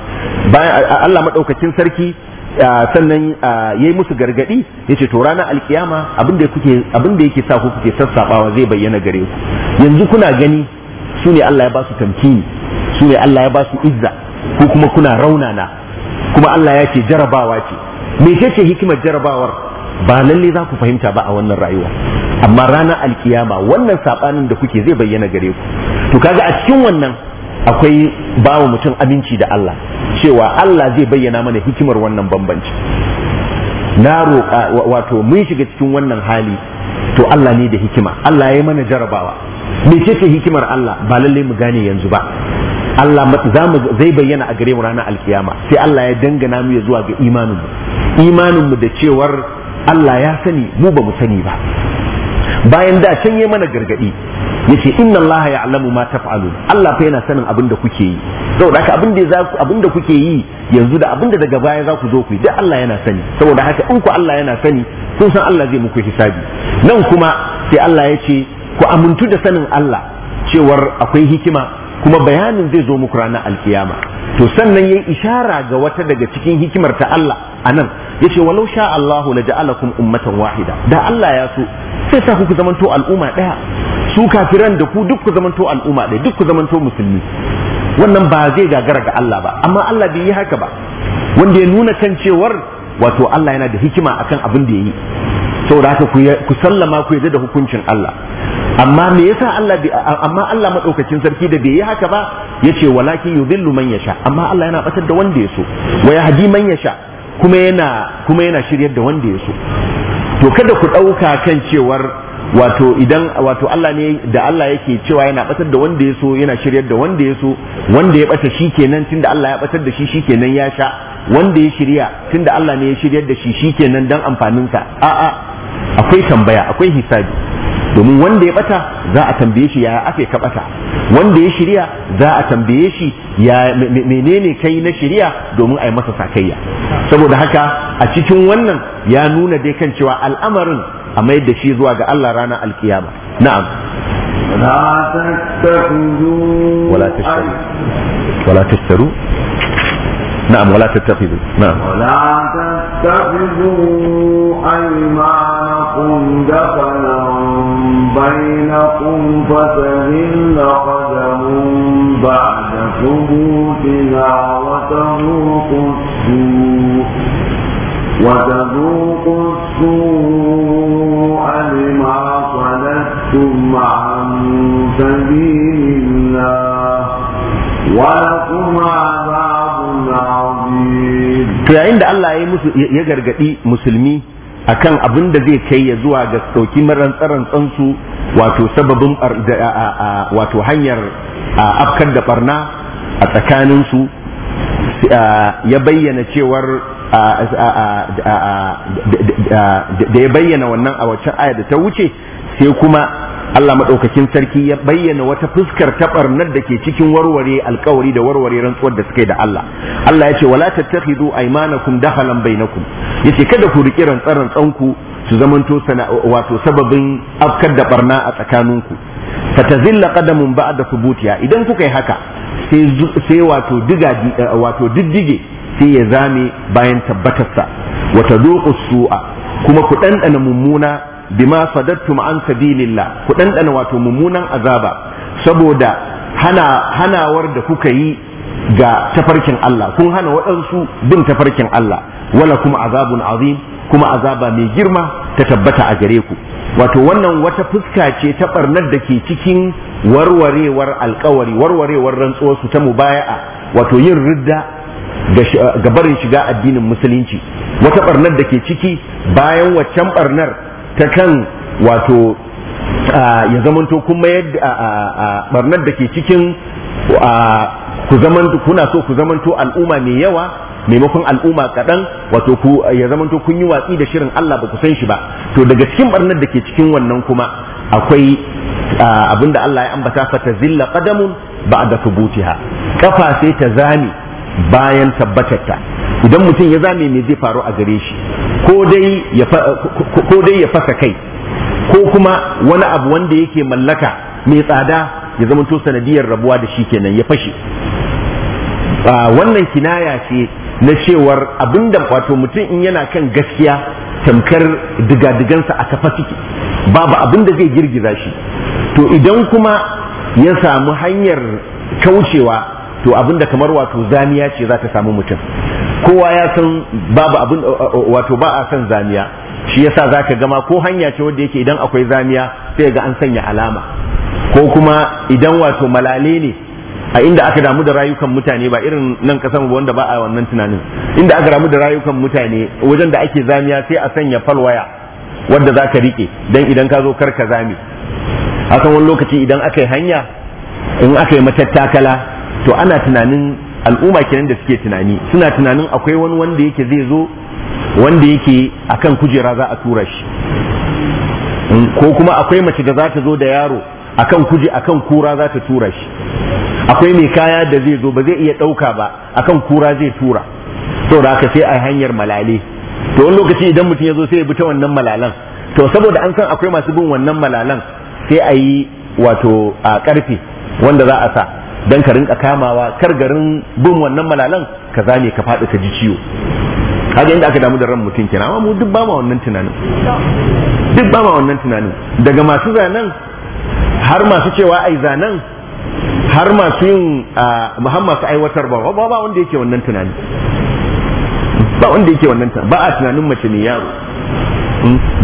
bayan Allah maɗaukakin sarki sannan yayi musu gargadi yace to ranar alkiyama abin da kuke abin da yake sa ku kuke sassabawa zai bayyana gare ku yanzu kuna gani su ne Allah ya ba su tamkini su ne Allah ya ba su izza ko kuma kuna raunana kuma Allah ya ce jarabawa ce mecece hikimar jarabawar ba lalle za ku fahimta ba a wannan rayuwa amma rana alkiyama wannan sabanin da kuke zai bayyana gare ku to kaga a cikin wannan akwai bawa mutum aminci da Allah cewa Allah zai bayyana mana hikimar wannan bambanci na roƙa wato mun shiga cikin wannan hali to Allah ne da hikima Allah ya yi mana jarabawa mecece hikimar Allah ba lalle mu gane yanzu ba Allah zai bayyana a gare mu ranar alkiyama sai Allah ya dangana mu zuwa ga imanin imaninmu da cewar Allah ya sani mu ba mu sani ba bayan da can yi mana gargadi yace inna Allah alamu ma taf'alun Allah fa yana sanin abin da kuke yi saboda haka abin da za abin da kuke yi yanzu da abin daga baya za ku zo ku yi Allah yana sani saboda haka in ku Allah yana sani kun san Allah zai muku hisabi nan kuma sai Allah ya ce ku amintu da sanin Allah cewar akwai hikima kuma bayanin zai zo muku ranar alkiyama to sannan yayi ishara ga wata daga cikin hikimar ta Allah anan yace walau sha Allahu la ja'alakum ummatan wahida da Allah ya so sai sa ku zamanto al'umma ɗaya su kafiran da ku duk ku zamanto al'umma ɗaya duk ku zamanto musulmi wannan ba zai gagara ga Allah ba amma Allah bai yi haka ba wanda ya nuna kan cewar wato Allah yana da hikima akan abin da ya yayi saboda haka ku sallama ku yarda da hukuncin Allah amma me yasa Allah amma Allah madaukakin sarki da bai yi haka ba yace walakin yudhillu man yasha amma Allah yana batar da wanda ya so wa yahdi man yasha kuma yana kuma yana shiryar da wanda ya to kada ku dauka kan cewar wato idan wato Allah ne da Allah yake cewa yana batar da wanda ya yana shiryar da wanda ya wanda ya bata shikenan tunda Allah ya batar da shi shikenan ya sha wanda ya shirya tunda Allah ne ya shiryar da shi shikenan dan amfaninka a'a akwai tambaya akwai hisabi domin wanda ya bata za a tambaye shi yaya aka ka bata wanda ya shirya za a tambaye shi ya menene kai na shirya domin a yi masa sakayya saboda haka a cikin wannan ya nuna dai kan cewa al'amarin a mayar da shi zuwa ga Allah ranar alkiyama na'am ولا تشتروا نعم ولا تتخذوا نعم ولا تتخذوا أيمانكم دخلا بينكم فتهل قدم بعد ثبوتها وتذوق السوء وتذوق السوء لما صددتم عن سبيل الله ولكم عذاب to yayin da Allah ya musu ya gargadi musulmi akan abin da zai kai ya zuwa ga sauki rantsan su wato sababin wato hanyar afkar da barna a tsakanin su ya bayyana cewar da ya bayyana wannan a waccan aya da ta wuce sai kuma Allah maɗaukakin sarki ya bayyana wata fuskar tabarnar da ke cikin warware alkawari da warware rantsuwar da suke da Allah Allah ya ce wala tattakhidu aymanakum dakhalan bainakum yace kada ku riki rantsaran tsanku su zamanto wato sababin afkar da barna a tsakaninku fatazilla qadamun ba'da thubutiha idan kuka yi haka sai wato diga eh, wato diddige sai ya zame bayan tabbatarsa wata taduqu su'a kuma ku ɗanɗana mummuna bima sadattum an sabilillah ku ɗanɗana wato mummunan azaba saboda hana hanawar da kuka yi ga tafarkin Allah kun hana waɗansu bin tafarkin Allah wala kuma azabun azim kuma azaba mai girma ta tabbata a gare ku wato wannan wata fuska ce ta barnar da ke cikin warwarewar alkawari warwarewar rantsuwarsu ta mubaya'a wato yin ridda ga barin shiga addinin musulunci wata barnar da ke ciki bayan waccan barnar ta kan wato ya zamanto kun mayar da barnar da ke cikin ku kuna so ku zamanto al'umma mai yawa maimakon al'umma kaɗan wato ku ya zamanto kun yi watsi da shirin Allah ba ku san shi ba to daga cikin barnar da ke cikin wannan kuma akwai abinda Allah ya ambata fa ta zilla qadamun ba'da thubutiha kafa sai ta zame bayan tabbatarta idan mutum ya zame me zai faru a gare shi ko dai ya fasa kai ko kuma wani abu wanda yake mallaka mai tsada ya zamanto sanadiyar rabuwa da shi kenan ya fashe wannan kinaya ce na cewar abinda wato mutum in yana kan gaskiya tamkar digadigansa a kafa suke babu abin da zai girgiza shi to idan kuma ya samu hanyar kaucewa to abinda kamar wato zamiya ce za ta samu mutum kowa ya san babu abin uh, uh, uh, wato ba a san zamiya shi yasa zaka gama ko hanya ce wanda yake idan akwai zamiya sai ga an sanya alama ko kuma idan wato malale ne a inda aka damu da rayukan mutane ba irin nan kasan wanda ba a wannan tunanin inda aka damu da rayukan mutane wajen da ake zamiya sai a sanya falwaya wadda za ka rike dan idan ka zo karka zami a kan wani lokaci idan aka yi hanya in aka yi matattakala to ana tunanin al'umma kenan da suke tunani suna tunanin akwai wani wanda yake zai zo wanda yake akan kujera za a tura shi mm, ko kuma akwai mace da za ta zo da yaro akan kuje akan kura za ta tura shi akwai mai kaya da zai zo ba zai iya ɗauka ba akan kura zai tura saboda haka sai a hanyar malale to wani lokaci idan mutum ya zo sai ya bi ta wannan malalan to saboda an san akwai masu bin wannan malalan sai a yi wato a karfe wanda za a sa dan ka rinka kamawa kar garin bin wannan malalan ka zame ka faɗi ka ji ciwo kaga inda aka damu da ran mutum kenan amma mu duk ba ma wannan tunanin duk ba ma wannan tunanin daga masu zanen har masu cewa ai zanen har masu yin muhammad su aiwatar ba ba ba wanda yake wannan tunanin ba wanda yake wannan tunanin ba a tunanin mace ne yaro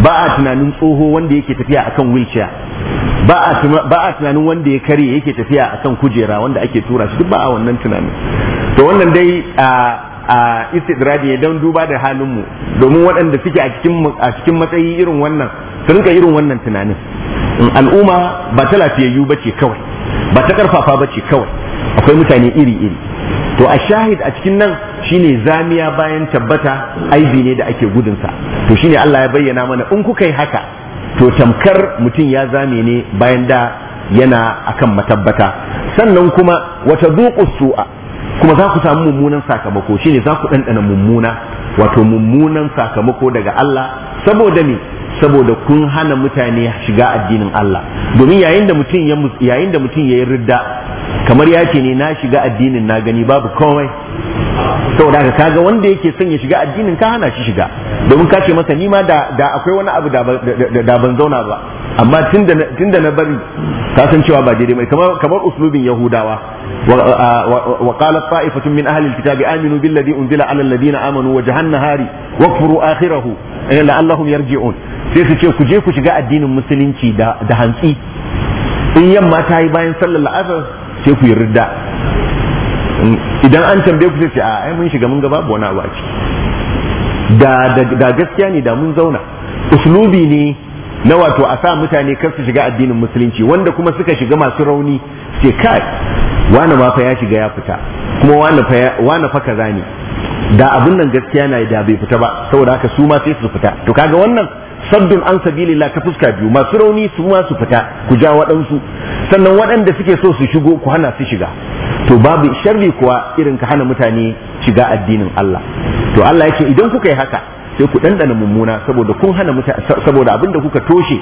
ba a tunanin tsoho wanda yake tafiya akan wilciya ba a tunanin wanda ya kare yake tafiya akan kujera wanda ake tura shi duk ba a wannan tunanin to wannan dai a istidradi ya don duba da halinmu domin waɗanda suke a cikin matsayi irin wannan su rinka irin wannan tunanin al'umma ba ta lafiyayyu ba ce kawai ba ta karfafa ba ce kawai akwai mutane iri-iri to a shahid a cikin nan shine zamiya bayan tabbata aibi ne da ake gudunsa to shine Allah ya bayyana mana in kuka yi haka to tamkar mutum ya zame ne bayan da yana akan matabbata sannan kuma wata duqu su'a kuma za ku samu mummunan sakamako shine za ku ɗanɗana mummuna wato mummunan sakamako daga Allah saboda me saboda kun hana mutane shiga addinin Allah domin yayin da mutum ya yayin da mutum yayi ridda kamar ya ne na shiga addinin na gani babu komai saboda haka kaga wanda yake son ya shiga addinin ka hana shi shiga domin ka ce masa ni ma da akwai wani abu da ban zauna ba amma tunda na bari ka san cewa ba daidai mai kamar uslubin yahudawa wa qalat ta'ifatun min ahli bi aminu billadhi unzila ala alladhina amanu wa jahannahari wakfuru akhirahu eh, la'allahum yarji'un sai su ce ku je ku shiga addinin musulunci da hantsi in yamma ta yi bayan sallar la'asar sai ku yi ridda idan an tambaye ku sai a ai mun shiga mun ga babu wani abu a ciki da gaskiya ne da mun zauna uslubi ne na wato a sa mutane kar su shiga addinin musulunci wanda kuma suka shiga masu rauni sai kai wani ma fa ya shiga ya fita kuma wani fa kaza ne da abin nan gaskiya na da bai fita ba saboda haka su ma sai su fita to kaga wannan Sabbin an la ta fuska biyu masu rauni su ma su fita ku ja waɗansu sannan waɗanda suke so su shigo ku hana su shiga to babu sharri kuwa irin ka hana mutane shiga addinin Allah to Allah yake idan kuka yi haka sai ku ɗanɗana mummuna saboda kun hana mutane saboda abin da kuka toshe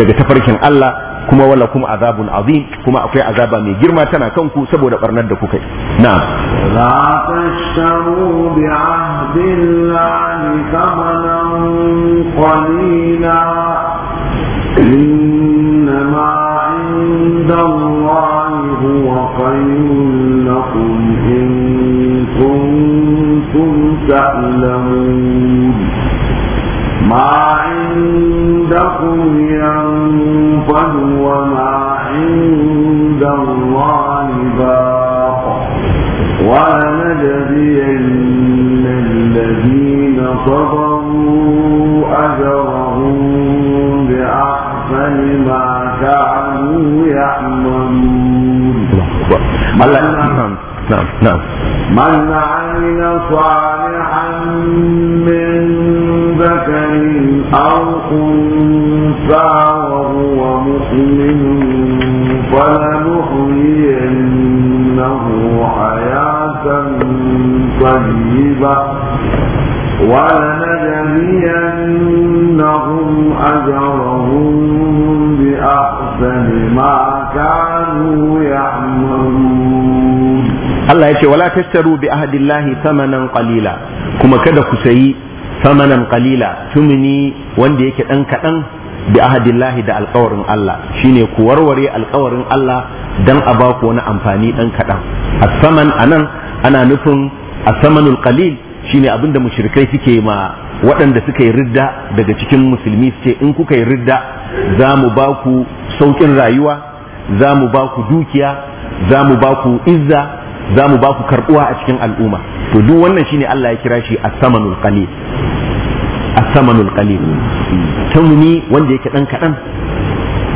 daga tafarkin Allah kuma wala kuma azabun azim kuma akwai azaba mai girma tana kanku saboda barnar da kuka yi na'am la tashtaru bi ahdillahi thamanan qalila innama inda allahi huwa khayrun lakum in kuntum ta'lamun ma عندكم ينفد وما عند الله باق ولنجزين الذين صبروا أجرهم بأحسن ما كانوا يعملون نعم. نعم نعم نعم من عمل صالحا من ذكر أو أنثى وهو مؤمن فلنحيينه حياة طيبة ولنجزينهم أجرهم بأحسن ما كانوا يعملون الله يقول ولا تشتروا بأهد الله ثمنا قليلا كما كذا كسيء samanan kalila tumini wanda yake dan kadan bi ahadillahi da alkawarin Allah shine ku warware alkawarin Allah dan a ba ku wani amfani dan kadan asaman saman anan ana nufin a samanul qalil shine abinda mushrikai suke ma waɗanda suka yi ridda daga cikin musulmi suke in kuka yi ridda za mu ba ku saukin rayuwa za mu ba ku dukiya za mu ba ku izza za mu ba ku karbuwa a cikin al'umma to duk wannan shine Allah ya kira shi asamanul samanul qalil asamanul qalil tumuni wanda yake dan kadan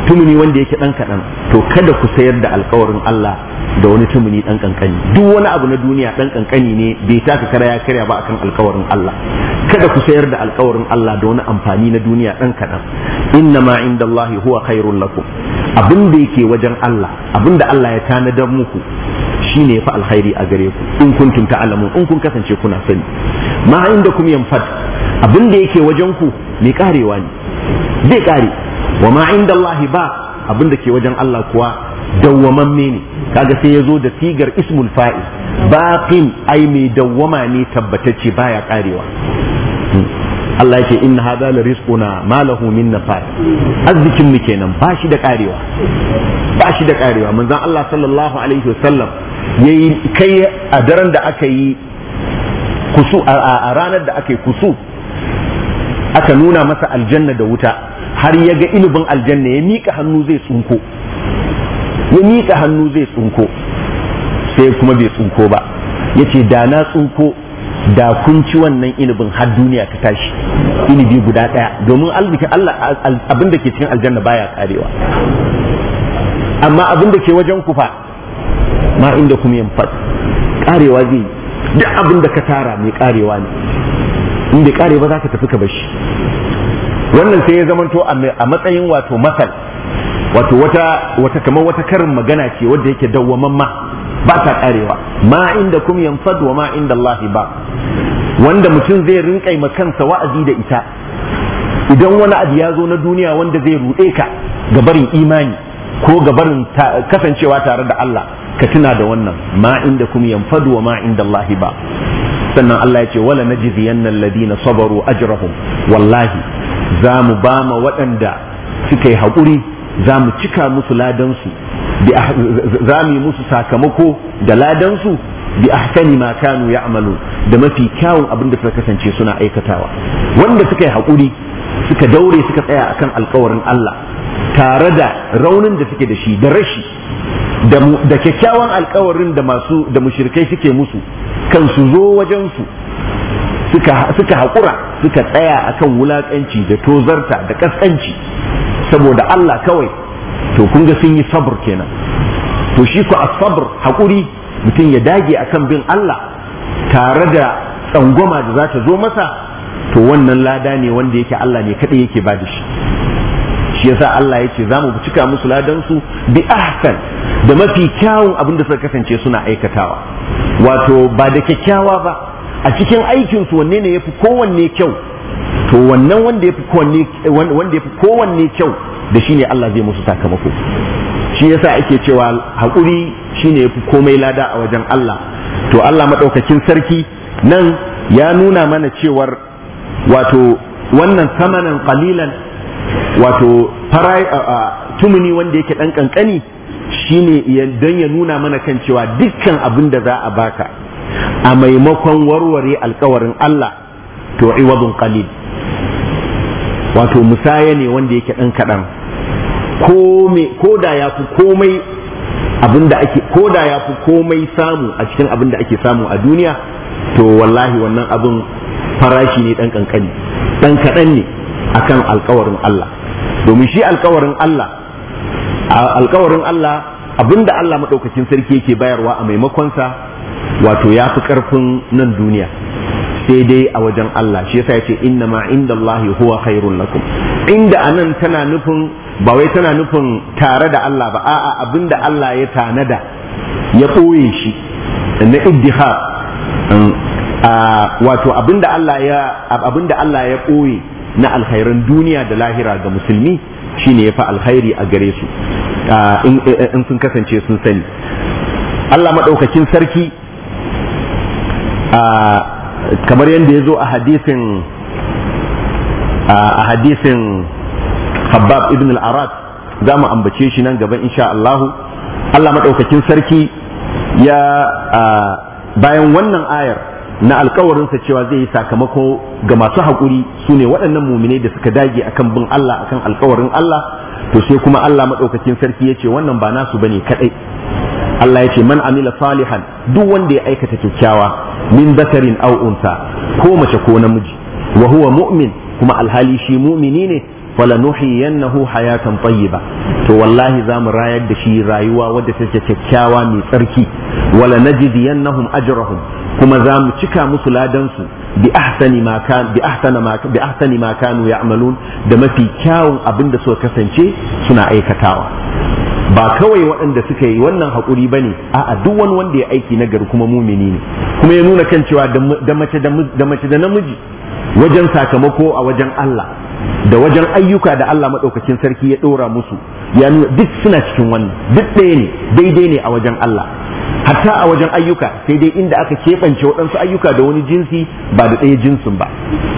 tumuni wanda yake dan kadan to kada ku sayar da alkawarin Allah da wani tumni dan kankani duk wani abu na duniya dan kankani ne bai taka kara ya karya ba akan alkawarin Allah kada ku sayar da alkawarin Allah da wani amfani na duniya dan kadan inna ma indallahi huwa khairul lakum abin da yake wajen Allah abin da Allah ya tanadar muku shine fa alkhairi a gare ku in kuntum ta'lamun in kun kasance kuna sani ma inda kum yanfad abin da yake wajen ku mai karewa ne zai kare wa ma inda Allah ba abin da ke wajen Allah kuwa dawwamamme ne kaga sai ya zo da sigar ismul fa'il baqin ai mai dawwama ne tabbatacce baya karewa hmm. Allah yake inna hadha la rizquna ma lahu min nafad arzikin mu kenan ba shi da karewa ba shi da karewa manzon Allah sallallahu alaihi wasallam yayi kai a daren da aka yi kusu a ranar da aka yi kusu aka nuna masa aljanna da wuta har ya ga ilibin aljanna ya miƙa hannu zai tsunko ya miƙa hannu zai tsunko sai kuma bai tsunko ba ya ce da na tsunko da kun ci wannan inibin har duniya ta tashi inibi guda ɗaya domin Allah abin da ke cikin aljanna baya karewa amma abin da ke wajen kufa ma inda kuma yin fad karewa zai duk abin da ka tara mai karewa ne in kare ba za ka tafi ka bashi wannan sai ya zamanto a matsayin wato masal wato wata wata kamar wata karin magana ce wadda yake mamma ba ta karewa ma inda kum yanfad wa ma inda Allah ba wanda mutum zai ma kansa wa'azi da ita idan wani abu ya zo na duniya wanda zai rude ka ga barin imani ko ga barin kasancewa tare da Allah ka tuna da wannan ma inda kum yanfad wa ma inda Allah ba sannan Allah ya ce wala nan Ladina sabaru ajrahum wallahi za mu ba ma waɗanda suka yi haƙuri za mu cika musu ladansu ah, za mu yi musu sakamako da ladansu bi ahsani ma kanu ya'malu da mafi kyawun abin da suka kasance suna aikatawa wanda suka yi haƙuri suka daure suka tsaya akan alkawarin Allah tare da raunin da suke da shi da rashi da kyakkyawan alkawarin da masu da mushrikai suke musu kan su zo wajensu suka haƙura suka tsaya akan wulaƙanci da tozarta da ƙasƙanci saboda Allah kawai to kun ga sun yi sabr kenan to shi ku sabr haƙuri mutum ya dage akan bin Allah tare da tsangwama da zata zo masa to wannan lada ne wanda yake Allah ne kaɗai yake ba da shi shi yasa Allah ya ce za mu cika musu ladansu bi ahsan da mafi kyawun abin da suka kasance suna aikatawa wato ba da kyakkyawa ba a cikin aikinsu wanne ne ya kowanne kyau to wannan wanda ya fi kowanne kyau da shine Allah zai musu sakamako shi yasa ake cewa hakuri shine ya komai lada a wajen Allah to Allah maɗaukakin sarki nan ya nuna mana cewar wato wannan samanan ƙalilan wato tumuni wanda yake ɗan ƙanƙani shine don ya nuna mana kan cewa dukkan abin da za a baka a maimakon warware alkawarin Allah to iwadun qalil wato musaya ne wanda yake ɗan kaɗan ko da ya fi komai abin da ake ko da ya fi komai samu a cikin abin da ake samu a duniya to wallahi wannan abin farashi ne ɗan kankani ɗan kaɗan ne akan alkawarin Allah domin shi alkawarin Allah alkawarin Allah abinda Allah maɗaukakin sarki yake bayarwa a maimakonsa wato ya fi ƙarfin nan duniya sai dai a wajen Allah shi yasa yace inna ma inda Allah huwa khairun lakum inda anan tana nufin ba wai tana nufin tare da Allah ba a'a abinda Allah ya tanada ya ɓoye shi na iddiha um, wato abinda Allah ya abinda Allah ya ɓoye na alkhairan duniya da lahira ga musulmi Shi ne ya fa alkhairi a gare su in sun kasance sun sani Allah maɗaukakin sarki kamar yadda ya zo a hadisin a hadisin habab ibn al za mu ambace shi nan gaban insha Allahu Allah maɗaukakin sarki ya bayan wannan ayar na alkawarinsa cewa zai yi sakamako ga masu haƙuri su ne waɗannan muminai da suka dage akan bin Allah akan alkawarin Allah to sai kuma Allah maɗaukacin sarki ya ce wannan ba nasu bane kaɗai Allah ya ce man amila salihan duk wanda ya aikata kyakkyawa min zakarin aw unsa ko mace ko namiji wa huwa mu'min kuma alhali shi mu'mini ne nuhi falanuhiyannahu hayatan tayyiba to wallahi za mu rayar da shi rayuwa wadda take kyakkyawa mai tsarki wala najidiyannahum ajrahum kuma za mu cika musu ladansu bi ahsani ma bi ahsana ma bi ahsani ma kanu ya'malun da mafi kyawun abin da suka kasance suna aikatawa ba kawai waɗanda suka yi wannan haƙuri ba ne a'a duk wani wanda ya aiki na gari kuma mumini ne kuma ya nuna kan cewa da mace da namiji wajen sakamako a wajen Allah da wajen ayyuka da Allah maɗaukacin sarki ya ɗora musu ya nuna duk suna cikin wannan duk ɗaya ne daidai ne a wajen Allah hatta a wajen ayyuka sai dai inda aka keɓance waɗansu ayyuka da wani jinsi ba da ɗaya jinsin ba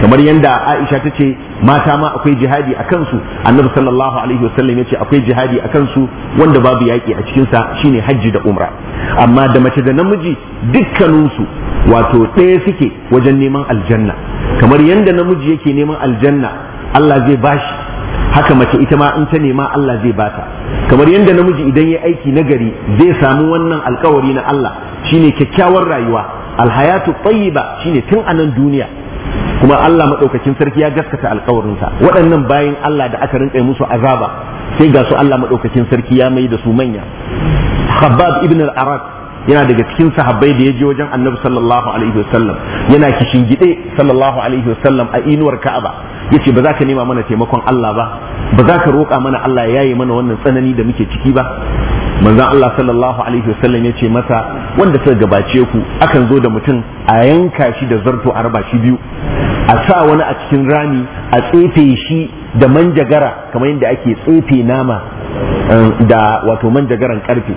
kamar yadda aisha ta ce mata ma akwai jihadi a kansu annabi sallallahu alaihi wasallam ya ce akwai jihadi a kansu wanda babu yaƙi a cikinsa shine hajji da umra amma da mace da namiji dukkaninsu wato ɗaya suke wajen neman aljanna kamar yadda namiji yake neman aljanna Allah zai bashi haka mace ita ma in ta nema Allah zai bata kamar yadda namiji idan ya aiki nagari zai samu wannan alkawari na Allah shine kyakkyawar rayuwa alhayatu tayyiba shine tun a nan duniya kuma Allah madaukakin sarki ya gaskata alkawarinsa waɗannan bayan Allah da aka rinka musu azaba sai ga su Allah madaukakin sarki ya mai da su manya Khabbab ibn al-Arak yana daga cikin sahabbai da ya je wajen annabi sallallahu alaihi wasallam yana kishin gide sallallahu alaihi wasallam a inuwar ka'aba yace ba za ka nema mana taimakon Allah ba ba za ka roƙa mana Allah ya yaye mana wannan tsanani da muke ciki ba manzon Allah sallallahu alaihi wasallam yace masa wanda suka gabace ku akan zo da mutum a yanka shi da zarto a raba shi biyu a sa wani a cikin rami a tsefe shi da manjagara kamar yadda ake tsefe nama eh, da wato manjagaran karfe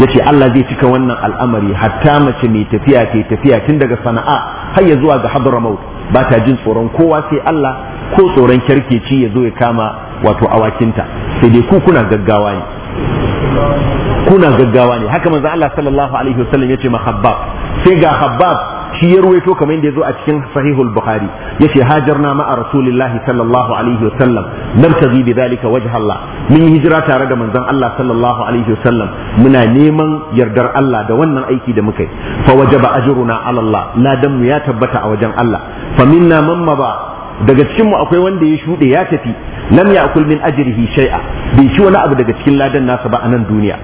yace Allah zai cika wannan al'amari hatta mace mai tafiya ke tafiya tun daga sana'a har ya zuwa ga hadramaut ba ta jin tsoron kowa sai Allah ko tsoron kyarkeci ya zo ya kama wato awakinta sai dai ku kuna gaggawa ne kuna gaggawa ne haka manzo Allah sallallahu alaihi wasallam yace ma sai ga Habbab shi ya ruwaito kamar yadda ya zo a cikin sahihul bukhari yace hajarna ma'a rasulillahi sallallahu alaihi wasallam nabtaghi bidhalika waje Allah mun hijira tare da manzon Allah sallallahu alaihi sallam muna neman yardar Allah da wannan aiki da muka yi fa wajaba ajruna ala Allah ladan mu ya tabbata a wajen Allah fa minna man ba daga cikin mu akwai wanda ya shuɗe ya tafi lam ya'kul min ajrihi shay'a bai ci wani abu daga cikin ladan nasa ba a nan duniya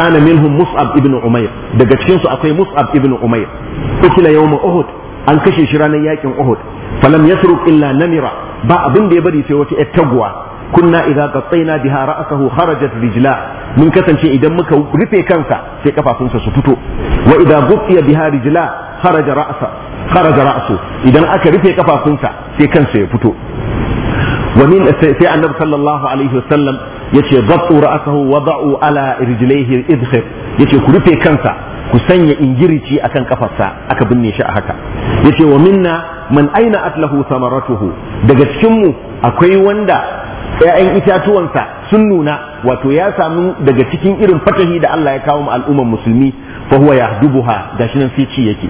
kana minhum mus'ab ibn umair daga cikin su akwai mus'ab ibn umair ukila yawm uhud an kashe shi ranar yakin uhud falam yasruq illa namira ba abin da ya bari sai wata yar taguwa kunna idza qattaina biha ra'sahu kharajat rijla mun kasance idan muka rufe kansa sai kafafunsa su fito wa idza biha rijla kharaja ra'sa kharaja ra'su idan aka rufe kafafunsa sai kansa ya fito wa min sai annabi sallallahu alaihi wasallam yace baqu ra'asahu wa da'u ala rijlaihi idkhir yace ku rufe kansa ku sanya ingirici akan kafarsa aka binne shi a haka yace wa minna man aina atlahu samaratuhu daga cikin mu akwai wanda 'ya'yan itatuwansa sun nuna wato ya samu daga cikin irin fatahi da Allah ya kawo mu al'umman musulmi fa huwa yahdubuha gashi nan sai ci yake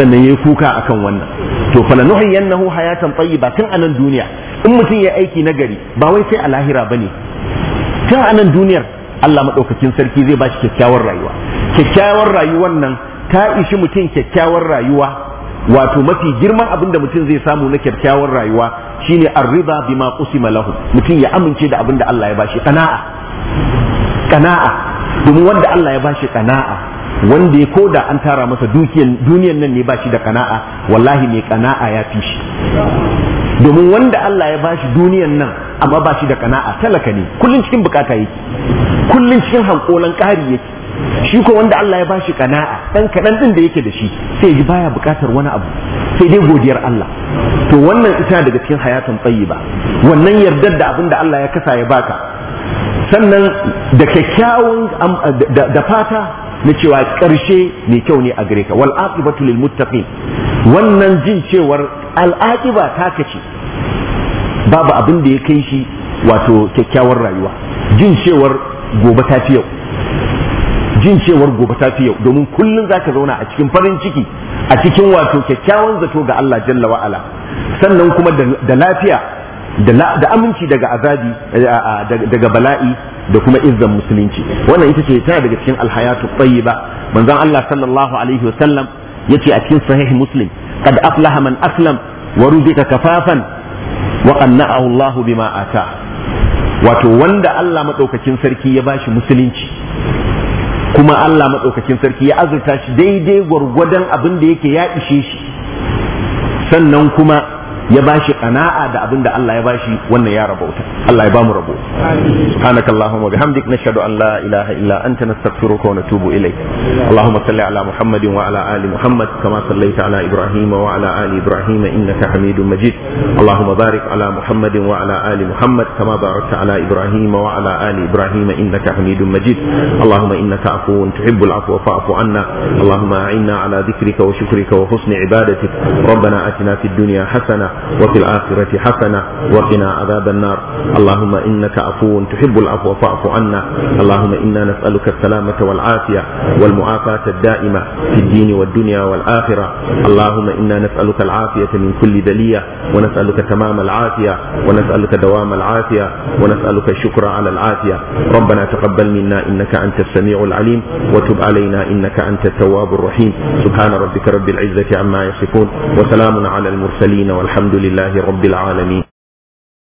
sannan yayi kuka akan wannan to fala nuhiyannahu hayatan tayyiba tun anan duniya in mutum ya aiki nagari ba wai sai a lahira bane tun a nan duniyar Allah maɗaukakin sarki zai ba shi kyakkyawar rayuwa kyakkyawar rayuwar nan ta ishi mutum kyakkyawar rayuwa wato mafi girman abin da mutum zai samu na kyakkyawar rayuwa shine arriba bima qusima lahu mutum ya amince da abin da Allah ya bashi qana'a qana'a domin wanda Allah ya bashi ƙana'a wanda ya da an tara masa dukiyan duniyan nan ne bashi da ƙana'a wallahi mai ƙana'a ya fi shi domin wanda Allah ya bashi duniyan nan amma ba shi da kana'a talaka ne kullun cikin bukata yake kullun cikin hankolan ƙari yake shi ko wanda Allah ya bashi kana'a dan kadan din da yake da shi sai ji baya bukatar wani abu sai dai godiyar Allah to wannan ita daga cikin hayatun tayyiba wannan yardar da abin da Allah ya kasa ya baka sannan da kyakkyawan da fata na cewa ƙarshe mai kyau ne a gare ka wal aqibatu lil muttaqin wannan jin cewar al'aƙiba ta kace babu abin da ya kai shi wato kyakkyawar rayuwa jin cewar gobe ta fi yau jin cewar gobe ta fi yau domin kullum za ka zauna a cikin farin ciki a cikin wato kyakkyawan zato ga Allah jalla wa'ala sannan kuma da lafiya da aminci daga azabi daga bala'i da kuma izzan musulunci wannan ita ce tana daga cikin alhayatu tayyiba manzon Allah sallallahu alaihi wasallam yace a cikin sahih muslim qad aflaha man aslam wa ruzika kafafan wa qanna'ahu Allah bima ata wato wanda Allah madaukakin sarki ya bashi musulunci kuma Allah madaukakin sarki ya azurta shi daidai gwargwadon abin da yake ya ishe shi sannan kuma ya ba shi kana'a da abin da Allah ya bashi wannan ya rabauta Allah ya bamu rabo subhanakallahumma wa bihamdik nashhadu an la ilaha illa anta nastaghfiruka wa natubu ilayk allahumma salli ala muhammadin wa ala ali muhammad kama sallaita ala ibrahim wa ala ali ibrahim innaka hamidum majid allahumma barik ala muhammadin wa ala ali muhammad kama barakta ala ibrahim wa ala ali ibrahim innaka hamidum majid allahumma innaka afuwun tuhibbul afwa fa'fu anna allahumma a'inna ala dhikrika wa shukrika wa husni ibadatik ربنا آتنا في الدنيا حسنة وفي الآخرة حسنة وقنا عذاب النار اللهم إنك عفو تحب العفو فاعف عنا اللهم إنا نسألك السلامة والعافية والمعافاة الدائمة في الدين والدنيا والآخرة اللهم إنا نسألك العافية من كل بلية ونسألك تمام العافية ونسألك دوام العافية ونسألك الشكر على العافية ربنا تقبل منا إنك أنت السميع العليم وتب علينا إنك أنت التواب الرحيم سبحان ربك رب العزة عما يصفون وسلام على المرسلين والحمد لله رب العالمين